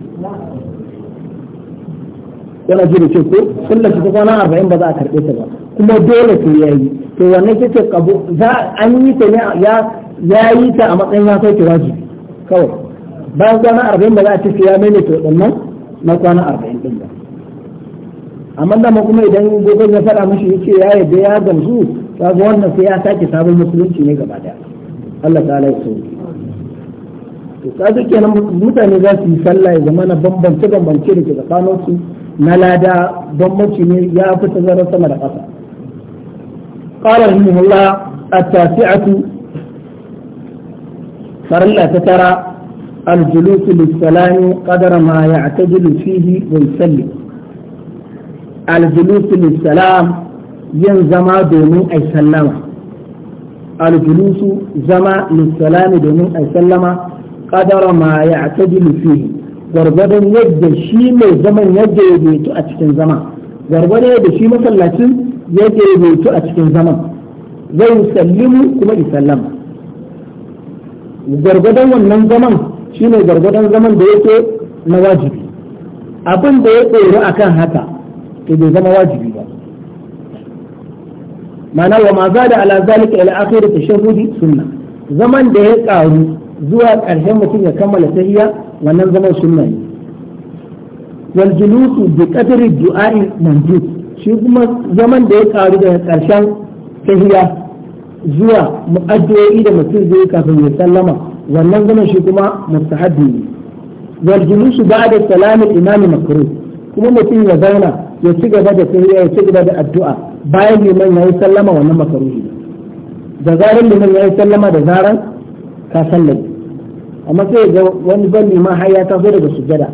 yana ji da ko sallar shi ta kwana arba'in ba za a karɓe ta ba kuma dole ku ya yi to wannan ke ce kabo za an yi ta ne ya yi ta a matsayin ya sauke wajibi kawai bayan kwana arba'in ba za a ce sai ya maimaita waɗannan na kwana arba'in ɗin ba amma da ma kuma idan gobe ya faɗa mishi yake ya yarda ya gamsu ta ga wannan sai ya sake sabon musulunci ne gaba daya Allah ta ala ya to kenan mutane za su yi sallah ya zama na bambance bambance da ke tsakanin na lada bambanci ne ya fi tazarar sama da ƙasa qala rahimahullah at-tasi'atu farilla ta tara ta للسلام قدر ما يعتدل فيه ويسلم yin zama domin a yi سلامه aljulusu zama lissalami domin a sallama kadara ma ya atadilu fihi gwargwadon yadda shi mai zaman yadda ya baitu a cikin zama gwargwadon yadda shi masallacin yadda ya baitu a cikin zaman zai sallimu kuma isallama gwargwadon wannan zaman shine gwargwadon zaman da yake na wajibi abin da ya a kan haka to bai zama wajibi ba ma'ana wa ma za da ala zalika ila akhir tashahhudi sunna zaman da ya karu zuwa ƙarshen mutum ya kammala tahiyya wannan zaman sunna ne wal julusu bi qadri du'a'i mandub shi kuma zaman da ya karu daga ƙarshen tahiyya zuwa mu'addu'o'i da mutum zai kafin ya sallama wannan zaman shi kuma mustahabbi ne wal julusu ba'da salamin al-imam makruh kuma mutum ya zauna ya ci gaba da tahiyya ya ci gaba da addu'a bayan liman ya yi sallama wannan makaruhi da zarar liman ya yi sallama da zarar ka sallai amma sai ga wani ban liman har ya taso daga sujada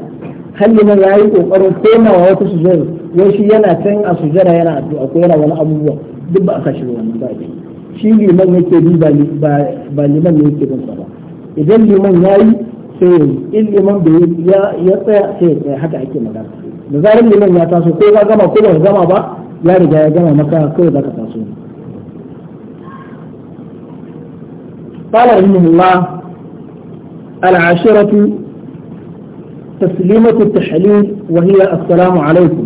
har liman ya yi kokarin komawa wata sujada wai shi yana can a sujada yana addu'a ko yana wani abubuwa duk ba a kashi wannan ba shi liman yake bi ba liman ne yake binsa ba idan liman ya yi sai ya yi in liman bai ya tsaya sai ya tsaya haka ake magana da zarar liman ya taso ko ba gama ko ba gama ba ya riga ya gama maka kawai za ka taso قال رحمه الله العاشرة تسليمة التحليل وهي السلام عليكم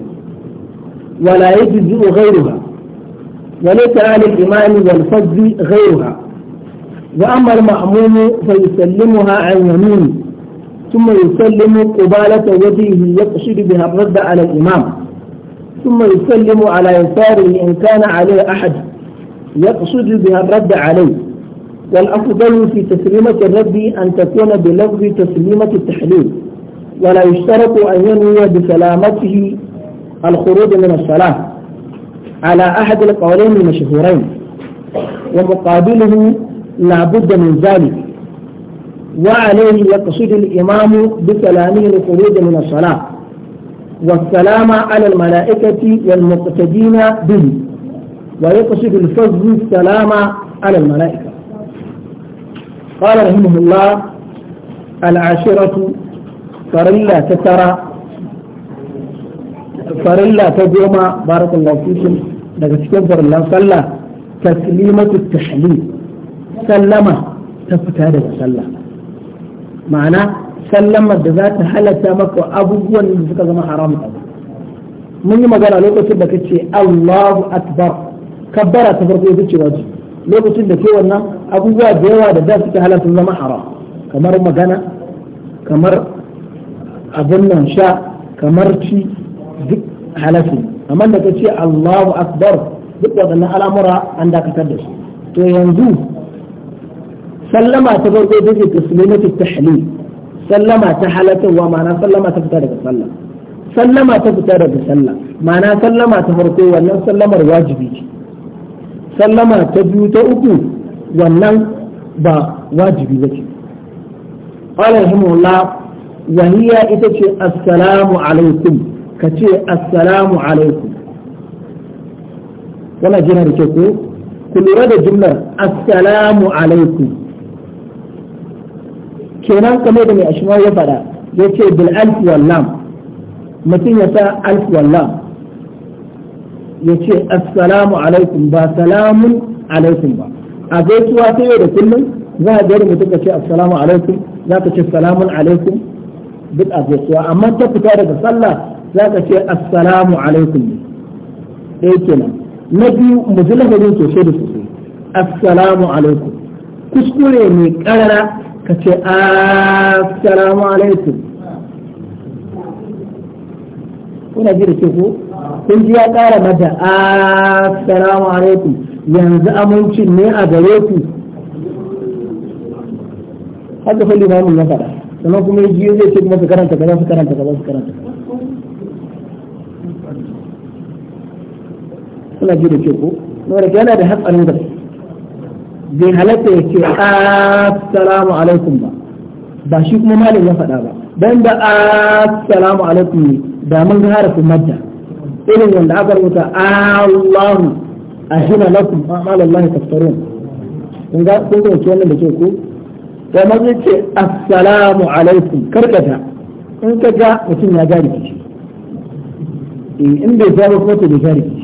ولا يجزء غيرها وليس على الإمام والفضل غيرها وأما المأموم فيسلمها عن يمينه ثم يسلم قبالة وجهه يقصد بها الرد على الإمام ثم يسلم على يساره إن كان عليه أحد يقصد بها الرد عليه والأفضل في تسليمة الرد أن تكون بلفظ تسليمة التحليل ولا يشترط أن ينوي بسلامته الخروج من الصلاة على أحد القولين المشهورين ومقابله لا بد من ذلك وعليه يقصد الإمام بسلامه الخروج من الصلاة والسلام على الملائكة والمقتدين به ويقصد الفضل السلام على الملائكة قال رحمه الله العاشرة فرلا تترى فرلا تجوما بارك الله فيكم لقد cikin الله sallah تسليمة tahlim sallama ta fita معناه sallama da za ta halatta maka abubuwan da suka zama haram a mun yi magana lokacin da ka ce Allahu akbar kabbara ta farko ita ce wajibi lokacin da ke wannan abubuwa da yawa da za su ta halatta zama haram kamar magana kamar abin nan sha kamar ci duk halafi amma da ka ce Allahu akbar duk waɗannan al'amura an dakatar da su to yanzu sallama ta farko ita ce taslimatu tahlil sallama ta halatarwa ma'ana sallama ta fita daga sallah sallama ta fita daga sallah ma'ana sallama ta farko wannan sallamar wajibi ce sallama ta biyu ta uku wannan ba wajibi ba ce qala rahimahullah wa hiya ita ce assalamu alaikum ka ce assalamu alaikum wannan jina da ke ku ku lura da jumlar assalamu alaikum kenan kamar da mai ashmawi ya faɗa ya ce bil alf wal lam mutum ya sa alf wal lam ya ce assalamu alaikum ba salamun alaikum ba a gaisuwa ta yau da kullum za a gari mutum ka ce assalamu alaikum za ka ce salamun alaikum duk a gaisuwa amma ta fita daga sallah za ka ce assalamu alaikum ne ɗaya kenan na biyu mu ji lafazin sosai da sosai assalamu alaikum kuskure mai karara ka ce assalamu alaikum kuna ji da ke ko kun ji ya kara mata assalamu alaikum yanzu amincin ne a gare ku haka fa limamin ya faɗa sannan kuma ya ji zai ce kuma su karanta kaza su karanta kaza su karanta kuna ji da ke ko wanda yana da hatsarin gaske bai halatta ya ce assalamu alaikum ba ba shi kuma malin ya faɗa ba dan da assalamu alaikum ne da mun ga harafin madda irin wanda aka rubuta Allahu ahina lakum a'mal Allah tafsirun kun ga kun ga wannan da ke ku to ma zai ce assalamu alaikum karkata in ka ga mutum ya gari ki eh, in bai ja ba kuma to da gari ki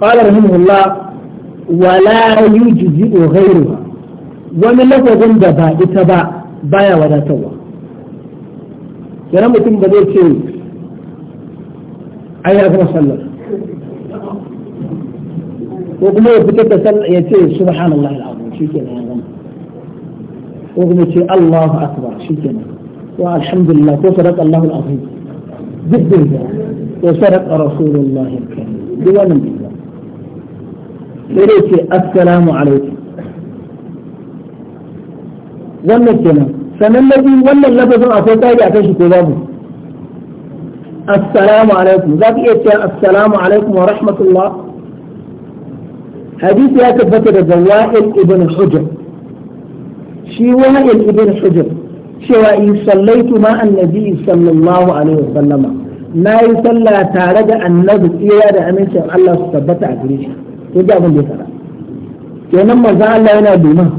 قال رحمه الله ولا يجزئ غيرها ومن لك وزن دبا اتبا بايا ولا توا كرامة بدأت شيء عيات وصلنا وقموا بكتة يا شيء سبحان الله العظيم شو كنا وقموا شيء الله أكبر شو كنا والحمد لله وصدق الله العظيم جدا وصدق رسول الله الكريم دوانا منه sai dai ce assalamu alaikum wannan kenan sannan na biyu wannan lafazin akwai tsari a kan shi ko babu assalamu alaikum za ku iya cewa assalamu alaikum wa rahmatullah hadisi ya tabbata daga wa'il ibn hujr shi wa'il ibn hujr cewa in sallaitu ma annabi sallallahu alaihi wa sallama na yi sallah tare da annabi tsira da amincin Allah su tabbata a gare shi ya ji abin da ya faɗa kenan manzo Allah yana domin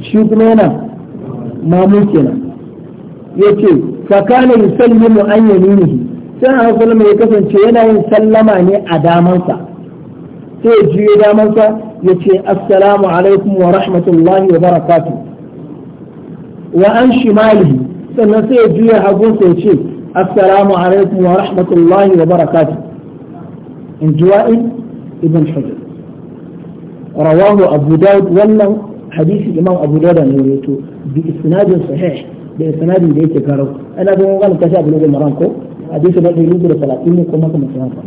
shi kuma yana mamu kenan yace fa kana yusallimu an yi yaminihi sai Allah sallama ya kasance yana yin sallama ne a damansa sai ya juye damansa ya ce assalamu alaikum wa rahmatullahi wa barakatuh wa an shimalihi sannan sai ya juya hagunsa ya ce assalamu alaikum wa rahmatullahi wa barakatuh in ji ابن حجر رواه أبو داود ولا حديث الإمام أبو داود عن يريته بإسناد صحيح بإسناد ليس كارو أنا أبو مغان كشاء بلوغ المرانكو حديث الذي يريده لثلاثين وكما كما كما كما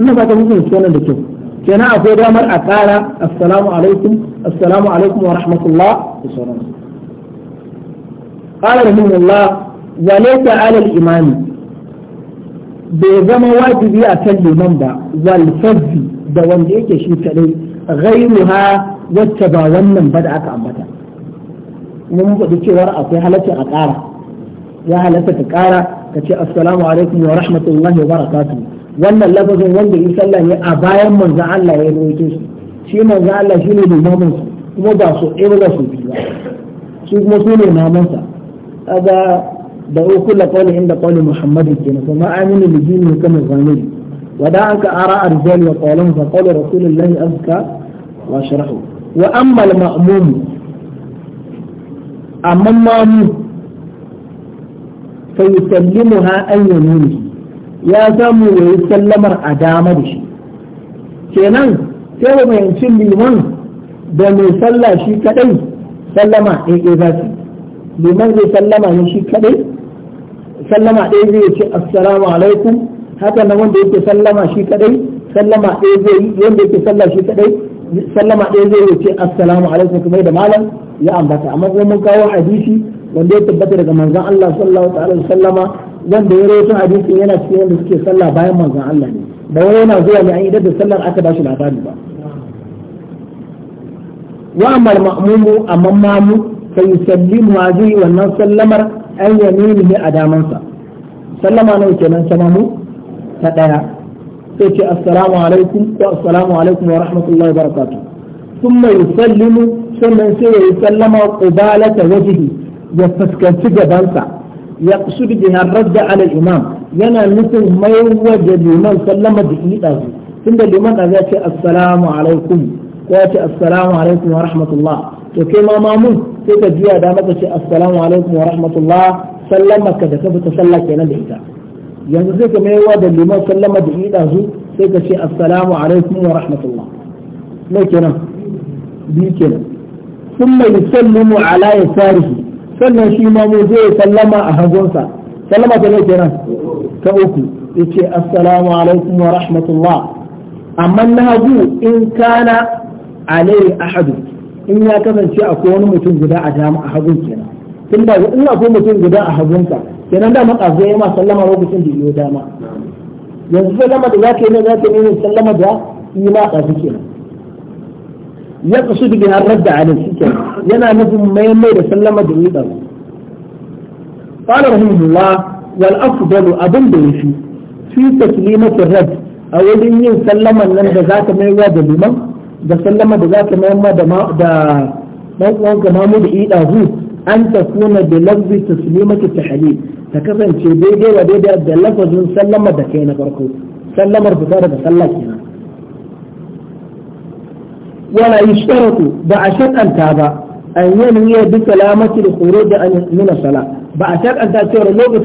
أنا بعد ممكن يكون عندك كنا أقول يا مر أقارا السلام عليكم السلام عليكم ورحمة الله وبركاته قال رحمه الله وليس على الامام bai zama wajibi a kan liman ba wal fadli da wanda yake shi kadai ha wacce ba wannan ba da aka ambata mun faɗi cewar akwai halaccin a ƙara ya halatta ka ƙara ka ce assalamu alaikum wa rahmatullahi wa barakatuh wannan lafazin wanda ya sallah ne a bayan manzon Allah ya roƙe shi shi manzon Allah shine limamin su kuma ba su ɗaya ba su biyu ba su kuma su ne mamansa kaga دعوا كل قول عند قول محمد كنا فما آمنوا بدينه كما الغامري ودعك آراء الرجال وقولهم فقول رسول الله أزكى وأشرحه وأما المأموم أما المأموم فيسلمها أن يمينه يا سامو ويسلم أدام بشي كنا sai mu yanci liman da mai sallah shi kadai sallama ɗaiɗai za su liman zai sallama ne shi kadai sallama ɗaya zai ce assalamu alaikum haka nan wanda yake sallama shi kadai sallama ɗaya zai yi wanda yake salla shi kadai sallama ɗaya zai yi ce assalamu alaikum kuma da malam ya ambata amma kuma mun kawo hadisi wanda ya tabbata daga manzon Allah sallallahu alaihi wasallama wanda ya rawaito hadisin yana cikin wanda suke salla bayan manzon Allah ne da wani yana zuwa ne an yi da sallar aka ba shi labari ba wa amal ma'mumu amma mamu fa yusallimu wa wannan sallamar an yaminihi a damansa sallama nawa kenan sama mu ta daya sai ce assalamu alaikum wa assalamu alaikum wa rahmatullahi wa barakatuh thumma yusallimu sannan sai ya sallama qubalata wajhi ya fuskanci gabansa ya qsudu biha radda ala imam yana nufin mai waje liman sallama da ida su tunda liman da zai ce assalamu alaikum ko ya ce assalamu alaikum wa rahmatullah to kai ma mamun sai ka juya da maka ce assalamu alaikum wa rahmatullah sallama ka da ka fita sallah kenan da ita yanzu sai ka maiwa da liman sallama da ida su sai ka ce assalamu alaikum wa rahmatullah ne kenan bi kenan thumma yusallimu ala ya yasarihi sannan shi ma mu zai sallama a hagunsa sallama ta ne kenan ta uku yace assalamu alaikum wa rahmatullah amma na hagu in kana alai ahadu in ya kasance akwai wani mutum guda a dama a hagun kenan tun da in akwai mutum guda a ka kenan da maka zai ma sallama lokacin da yiwu dama yanzu sallama da za ka yi za ka yi ne sallama da yi ma ka suke ya kasu da bin harar da alin suke yana nufin mai da sallama da yi ɗaru qala rahimullah wal afdalu abin da ya fi taslimatir rad a wajen yin sallaman nan da zaka mai wa da liman da sallama da za ka mayamma da ɗan uwanka mamu da ida hu an ta kuna da lafzi ta maka ta hali ta kasance daidai wa daidai da lafazin sallama da kai na farko sallamar fita daga sallah kenan ولا يشترط بأشد أنت با أن ينوي lokacin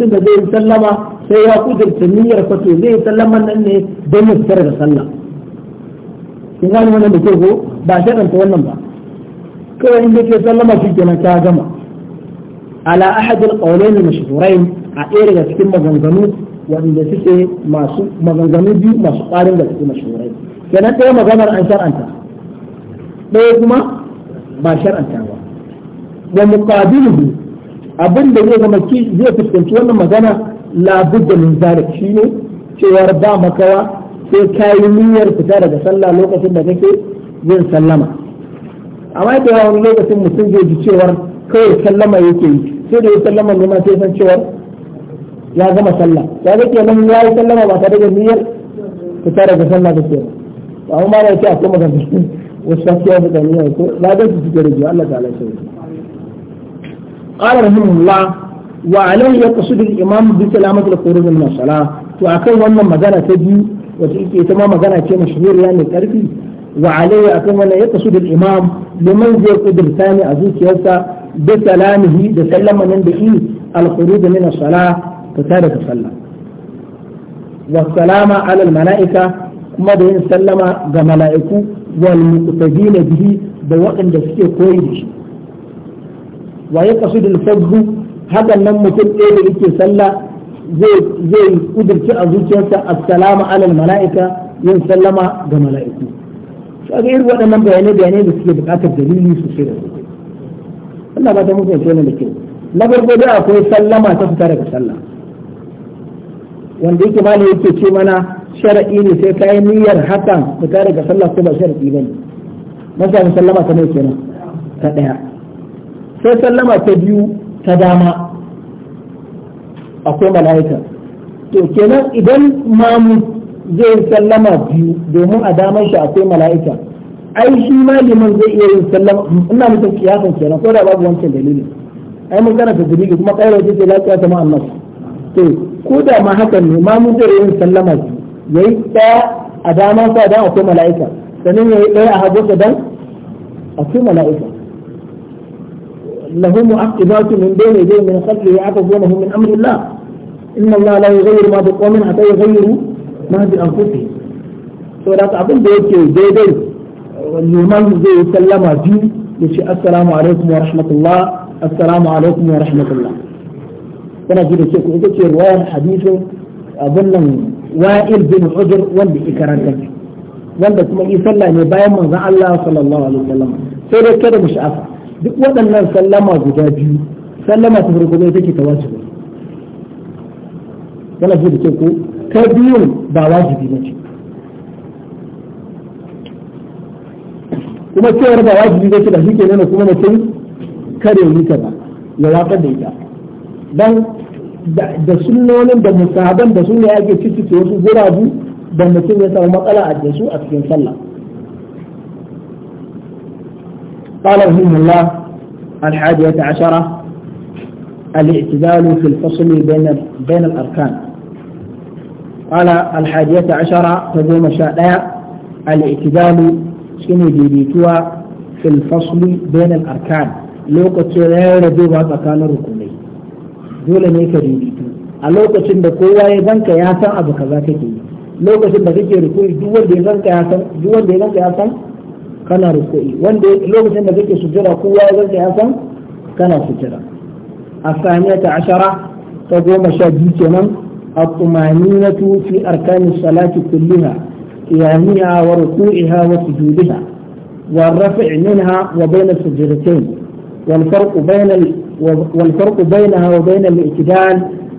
da zai yi sallama sai ya kudurta niyyar fato zai yi التنمية nan ne don أني fitar da sallah kun gane wannan da ke ko ba ta wannan ba kawai inda ke sallama shi kenan ta gama ala ahadul qawlayn mashhurain a ɗaya daga cikin maganganu wanda suke masu maganganu biyu masu ƙwarin da suke mashhurai kenan ɗaya maganar an shar'anta ɗaya kuma ba shar'anta ba wa muqabiluhu abin da zai zama zai fuskanci wannan magana labudda min zalik shine cewar ba makawa sai ka yi niyyar fita daga sallah lokacin da kake yin sallama amma da yawa wani lokacin mutum zai ji cewar kawai sallama yake yi sai da ya sallama ne ma sai san cewar ya gama sallah ya ga kenan ya yi sallama ba tare da niyyar fita daga sallah kake ba amma ma yake akwai magana wasu sakiya da niyyar ko ladan su suke rage Allah ta'ala sai قال رحمه الله وعليه يقصد الإمام بسلامة القرون من الصلاة وأكون wannan magana ta biyu. wace ike ita ma magana ce mashhuriya mai karfi wa alayhi akan wannan ya kasu da imam liman zai kudurta ne a zuciyarsa da salamihi da sallama nan da yi al-khuruj min as-salah tare da sallah wa salama ala al-mala'ika kuma da yin sallama ga mala'iku wal muqtadina bihi da waɗanda suke koyi da shi wa ya kasu da fadlu hakan nan mutum ɗaya da yake sallah zai kudurci a zuciyarsa assalamu alal mala'ika yin sallama ga mala'iku shi ga irin waɗannan bayanai bayanai da suke buƙatar dalili sosai da sosai Allah ba ta muku yanke da kyau na farko dai akwai sallama ta fita daga sallah wanda yake malai yake ce mana sharaɗi ne sai ka yi niyyar hakan fita daga sallah ko ba sharaɗi ba ne masa sallama ta mai kenan ta ɗaya sai sallama ta biyu ta dama akwai mala'ika to kenan idan mamu zai sallama biyu domin a daman shi akwai mala'ika ai shi ma zai iya yin sallama ina mutum kiyasan kenan ko da babu wancan dalilin ai mun ta dalili kuma kaira ce ce lafiya ta ma'an to ko da ma hakan ne mamu zai iya yin sallama biyu yayi ɗaya a damar sa dan akwai mala'ika sannan yayi ɗaya a hagu dan akwai mala'ika له معقبات من بين يديه من خلفه يعقبونه من امر الله ان الله لا يغير ما بقوم حتى يغيروا ما بانفسهم سورة أبن بيت جيدا والنمان زي سلم جيد السلام عليكم ورحمة الله السلام عليكم ورحمة الله أنا جيد شكو إذا كي رواية الحديث أظن وائل بن حجر ولد في كرامتك. واندي سمع يسلع نباية من ذا الله صلى الله عليه وسلم سورة كده مش أفضل duk waɗannan sallama guda biyu sallama ta farko ne take ta wajibi yana ji da ke ko ta biyu ba wajibi ba ce kuma cewar ba wajibi ne ce ba shi ke nuna kuma mutum kare yi ta ba ya waka da ita dan da sunnonin da musaban da sunne ne ake cikin wasu gurabu da mutum ya samu matsala a su a cikin sallah قال رحمه الله الحادية عشرة الاعتدال في الفصل بين بين الأركان قال الحادية عشرة تقوم شاء الاعتدال شنو جديتوا في الفصل بين الأركان لو كتير دوبا كان ركني دولة نيكا جديتوا لو كتير دقوة يبان كياسا أبو كذا كتير لو كتير دقوة يبان كياسا دول يبان كياسا kana ruku'i wanda lokacin da kake sujjada kowa ya zanta ya san kana sujjada الثانية عشرة تقوم شديدنا الطمأنينة في أركان الصلاة كلها قيامها وركوعها وسجودها والرفع منها وبين السجدتين والفرق بين ال... والفرق بينها وبين الاعتدال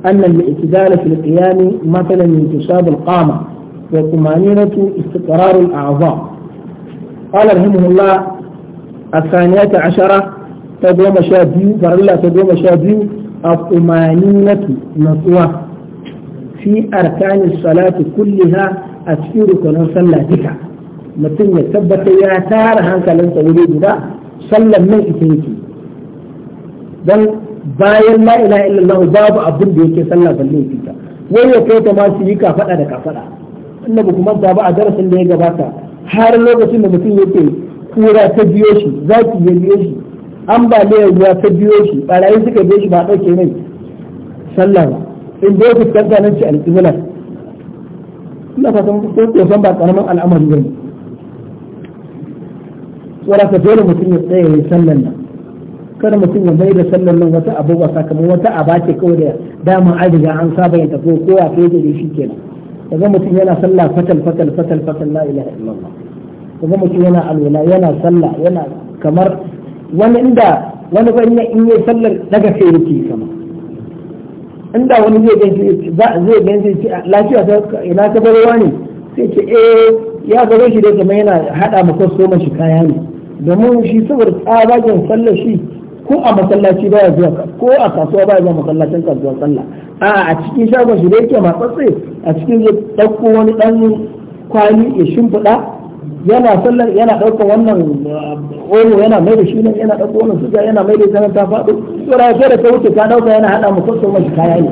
أن الاعتدال في القيام مثلا انتصاب القامة والطمأنينة استقرار الأعظام قال رحمه الله الثانية عشرة تقوم شابيو فرلا تقوم شابيو الطمانينة نطوة في أركان الصلاة كلها أتشيرك ونصلى بك متن يتبت يا تار هانك لن تولي ذا صلى من إتنكي بل bayan la ilaha illallah babu abin da yake sallah balle fita wai ya kai ta ma su yi kafada da kafada annabi kuma ba a darasin da ya gabata har lokacin da mutum yake kura ta biyo shi za ki ya biyo shi an ambaliyar ruwa ta biyo shi barayi suka biyo shi ba a ɗauke mai sallah ba in yake fuskanta nan ce alƙibla ina fata san ko ko san ba karaman al'amari ne wala ka dole mutum ya tsaya ya sallan nan kada mutum ya mai da sallan nan wata abubuwa sakamakon wata abace kawai da dama an riga an saba ya tafi ko a kai da shi kenan kaga mutum yana sallah fatal fatal fatal fatal la ilaha illallah kaga mutum yana alwala yana sallah yana kamar wani inda wani banya in yi sallar daga kai yake sama inda wani zai ganci zai ganci lafiya ta ina ka barwa ne sai ce eh ya gare shi dai kamar yana hada ma kwasto shi kaya ne domin shi saboda tsabagen sallar shi ko a masallaci baya zuwa ko a kasuwa baya zuwa masallacin kasuwar sallah a a cikin shagon shi da yake matsatsi a cikin zai ɗauko wani ɗan kwali ya shimfiɗa yana sallar yana ɗauko wannan uh, oro yana mai da shi yana ɗauko wannan suga yana mai da zanen ta faɗo to da kai da ka wuce ka ɗauka yana haɗa mu kwasto mashi kaya ne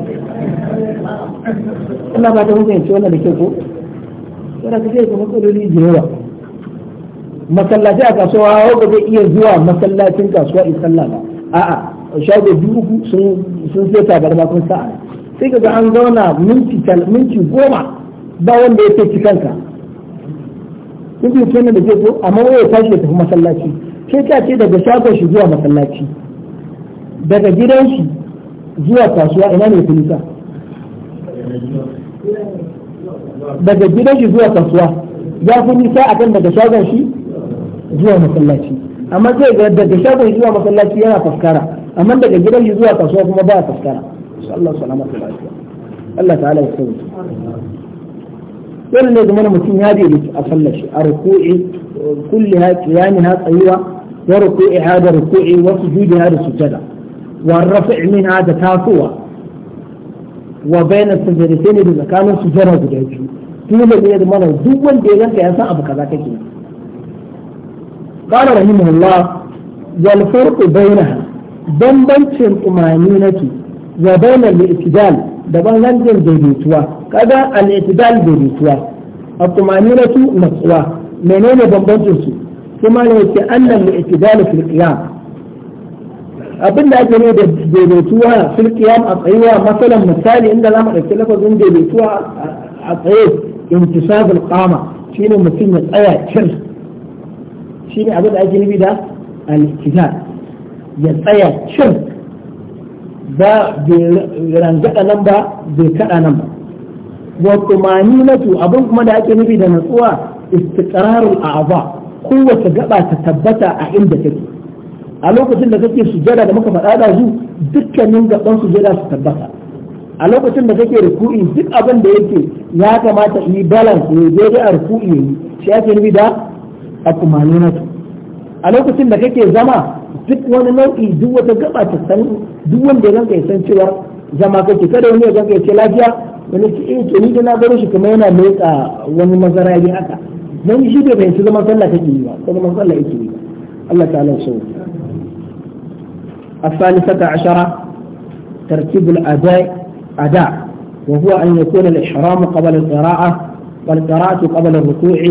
ina ba ta hukunci wannan da ke ko to da kake matsaloli da yawa masallaci a kasuwa wanda zai iya zuwa masallacin kasuwa in sallah ba a'a shago biyu uku sun sai tabarma kun sa'a sai kaga ga an zauna minti goma ba wanda ya ce kanka kun bi nan da ke ko amma ya tashi ya tafi masallaci sai ta ce daga shagon shi zuwa masallaci daga gidan shi zuwa kasuwa ina ne fi nisa daga gidan shi zuwa kasuwa ya fi nisa akan daga shagon shi zuwa masallaci amma zai ga daga shagon zuwa masallaci yana faskara amma daga gidan shi zuwa kasuwa kuma ba fuskara Allah salamatu lafiya Allah ta'ala ya sauke dole ne zama mutum ya daidaita a sallar shi a ruku'i kulli ha qiyami ha tsayuwa wa ruku'i ha da ruku'i wa sujudi ha da sujada wa rafi' min ha da tasowa wa bayna sajdatain da zakanin sujada guda biyu dole ne zama duk wanda ya ganka ya san abu kaza kake قال رحمه الله والفرق بينها bambancin tsumani nake ya bayyana al-i'tidal da bambancin daidaituwa kaga al-i'tidal daidaituwa a at-tumani natu natsuwa menene bambancin su kuma ne yake annal al-i'tidal fil qiyam abin da ake ne da daidaituwa fil qiyam a tsayuwa masalan misali inda zamu dauki lafazin daidaituwa a tsaye intisab al-qama shine mutum ya tsaya cin shine abin da ake nufi da al-i'tidal ya tsaya cin ba bai rangada nan ba bai kada nan ba wa tumaninatu abin kuma da ake nufi da natsuwa istiqrarul a'za kowace gaba ta tabbata a inda take a lokacin da kake sujada da muka faɗa da su dukkanin gaban sujada su tabbata a lokacin da kake ruku'i duk abin da yake ya kamata yi balance ne daidai a ruku'i ne shi ake nufi da atumaninatu a lokacin da kake zama duk wani nau'i duk wata gaba ta san duk wanda ya ganka ya san cewa zama kake kada wani ya ganka ya ce lafiya wani ce eh to ni da na gano shi kuma yana leƙa wani mazarari haka dan shi bai fahimci zaman sallah kake yi ba ko zaman sallah yake yi ba Allah ta'ala so الثالثة عشرة ترتيب الأداء أداء وهو أن يكون الإحرام قبل القراءة والقراءة قبل الركوع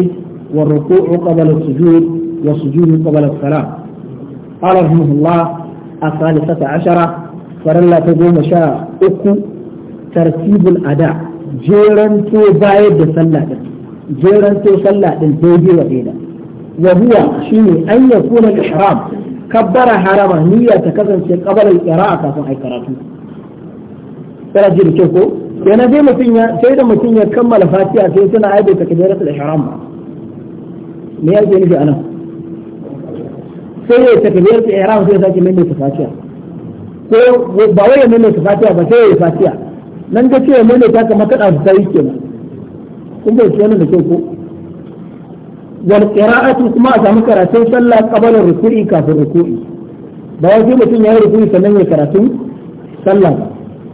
والركوع قبل السجود والسجود قبل السلام قال رحمه الله الثالثة عشرة فرن لا تقوم شاء أكو ترتيب الأداء جيران تو بايد سلاة جيران تو سلاة تيجي وقيدا وهو شيني أن يكون الإحرام كبر حرام نية كذا شيء قبل الإراءة فهي كراتو ترى جيركو يانا يعني دي مسينيا سيدا مسينيا كمل فاتحة سيدنا عيدة كجيرة الإحرام ما يجي نجي أنا sai ya takbir ta ihram sai ya sake mai ta fatiha ko ba wai mai ta fatiha ba sai ya fatiha nan ga cewa mai ta kamar kada su sai kenan kun ga wannan da kyau ko wal qira'atu kuma a samu karatun sallah qabala ruku'i kafin ruku'i ba wai sai mutum ya yi ruku'i sannan ya karatun sallah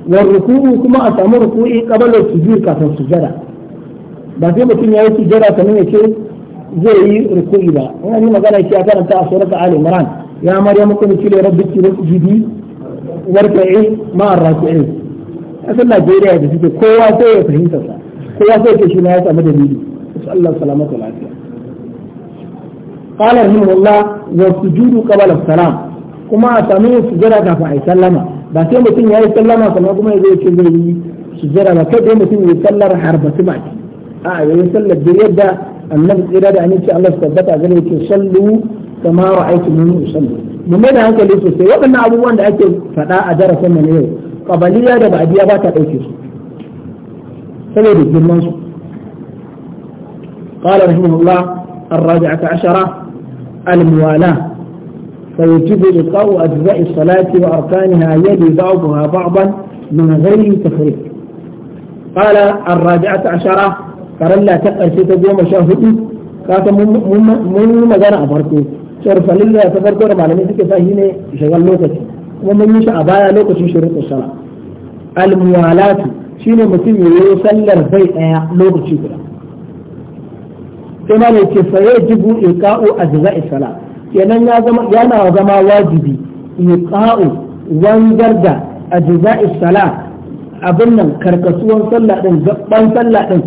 ba wal ruku'u kuma a samu ruku'i qabala sujud kafin sujada ba sai mutum ya yi sujada sannan ya ce zai yi ruku'i ba in yi magana ki ta a surata ali imran ya maryamu rabbi kunti li rabbiki wasjudi warka'i ma arraki'in asan Najeriya da suke kowa sai ya fahimta sa kowa sai ke shi na ya samu dalili Allah salamatu lafiya qala rahimahullah wa sujudu qabla salam kuma a sami sujjada kafin a yi sallama ba sai mutum ya yi sallama kuma kuma ya zai ce zai yi sujjada ba kai dai mutum ya sallar harbatu ba a ya yi sallar da yadda annabi tsira da aminci Allah su tabbata gare yake sallu kama ra'aytu min usalli mun mai da hankali sosai waɗannan abubuwan da ake faɗa a darasin mu yau kabaliya da ba'diya ba ta ɗauke su saboda girman su قال رحمه الله الرابعة عشرة الموالاة فيجب إلقاء أجزاء الصلاة وأركانها يلي بعضها بعضا من غير تفريق قال الرابعة عشرة faralla ta ƙarshe ta goma sha hudu kasa mun yi magana a farko cewar falilla ta farko da malamai suke sa shi ne shagal lokaci kuma mun yi shi a baya lokacin shirin sala almuwalatu ne mutum ya yi sallar bai ɗaya lokaci guda sai malai ce fa yajibu iqa'u ajza'i sala kenan ya zama yana zama wajibi iqa'u wangar da ajza'i sala abin nan karkasuwan sallah ɗin. gaban sallah din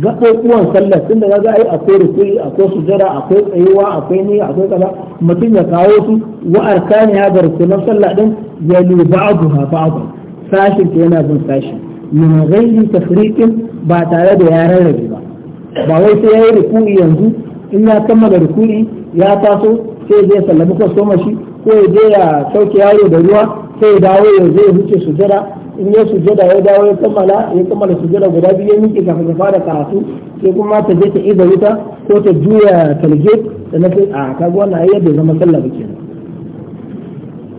gaɓoɓuwan sallar tun da za a yi akwai rukuri akwai sujada akwai tsayuwa akwai ne akwai kaza mutum ya kawo su wa'ar arkani ya da rukunan sallah din ya li ba'du ha ba'du sashin ke yana bin sashi min ghairi tafriqin ba tare da ya rarrabe ba ba wai sai yayi rukuri yanzu in ya kammala rukuri ya taso sai zai sallami ko soma shi ko ya je ya sauke yaro da ruwa sai ya dawo ya zai huce sujada in ya sujada ya dawo ya kammala ya kammala sujada guda biyu ya miƙe kafin ya fara karatu sai kuma ta je ta iza wuta ko ta juya talge da na a kaga wannan ayyar da zama sallah ba kenan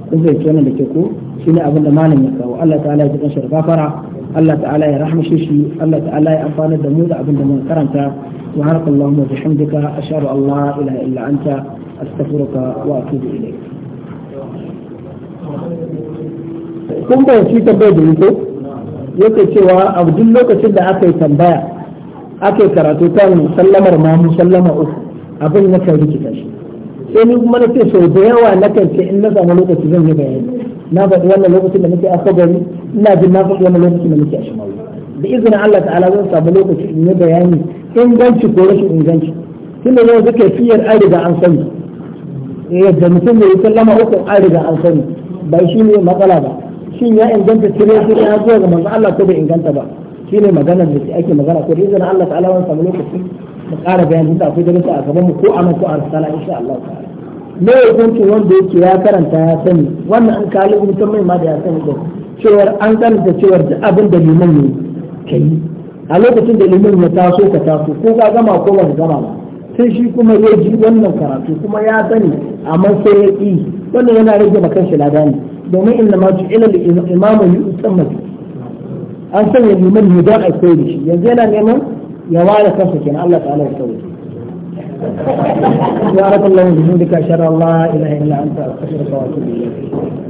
kun zai ce da ke ko shine abin da malam ya kawo Allah ta'ala ya ji shirka fara Allah ta'ala ya rahmashe shi Allah ta'ala ya amfana da mu da abin da mun karanta subhanakallahumma wa bihamdika ashhadu an la ilaha illa anta astaghfiruka wa atubu kun bayanci tambayar da ko yake cewa a duk lokacin da aka yi tambaya aka yi karatu mu sallamar ma mu sallama uku abin ya kan rikita shi sai ni kuma na ce sau da yawa na kan ce in na samu lokaci zan yi bayani na faɗi wannan lokacin da nake a kabari ina jin na faɗi wannan lokacin da nake a shimawi da izinin Allah ta'ala zan samu lokaci in yi bayani inganci ko rashin inganci tunda yau zaka fiyar an riga an sani yadda eh, mutum da ya sallama uku an riga an sani ba shi ne matsala ba shin ya inganta cire shi ya zuwa ga manzo Allah ko bai inganta ba Shi ne maganar da ake magana ko da izinin Allah ta'ala wannan samu lokaci mu ƙara bayanin da akwai darasi a gaban mu ko a ko a risala insha Allah ta'ala me hukuncin wanda yake ya karanta ya sani wannan an kalli mutum mai ma da ya sani din cewar an karanta cewar da abin da liman ne kai a lokacin da liman ya taso ka taso ko ka gama ko ba gama ba sai shi kuma ya ji wannan karatu kuma ya sani amma sai ya ƙi wannan yana rage ma kanshi lada ne domin inda ma ju'ila lil imamu li yusamma an sanya liman yi don a koyi da shi yanzu yana neman ya ware kansa kenan Allah ta'ala ya sauke ya rabbal lahu bihamdika shara Allah ilaha illa anta astaghfiruka wa atubu ilayk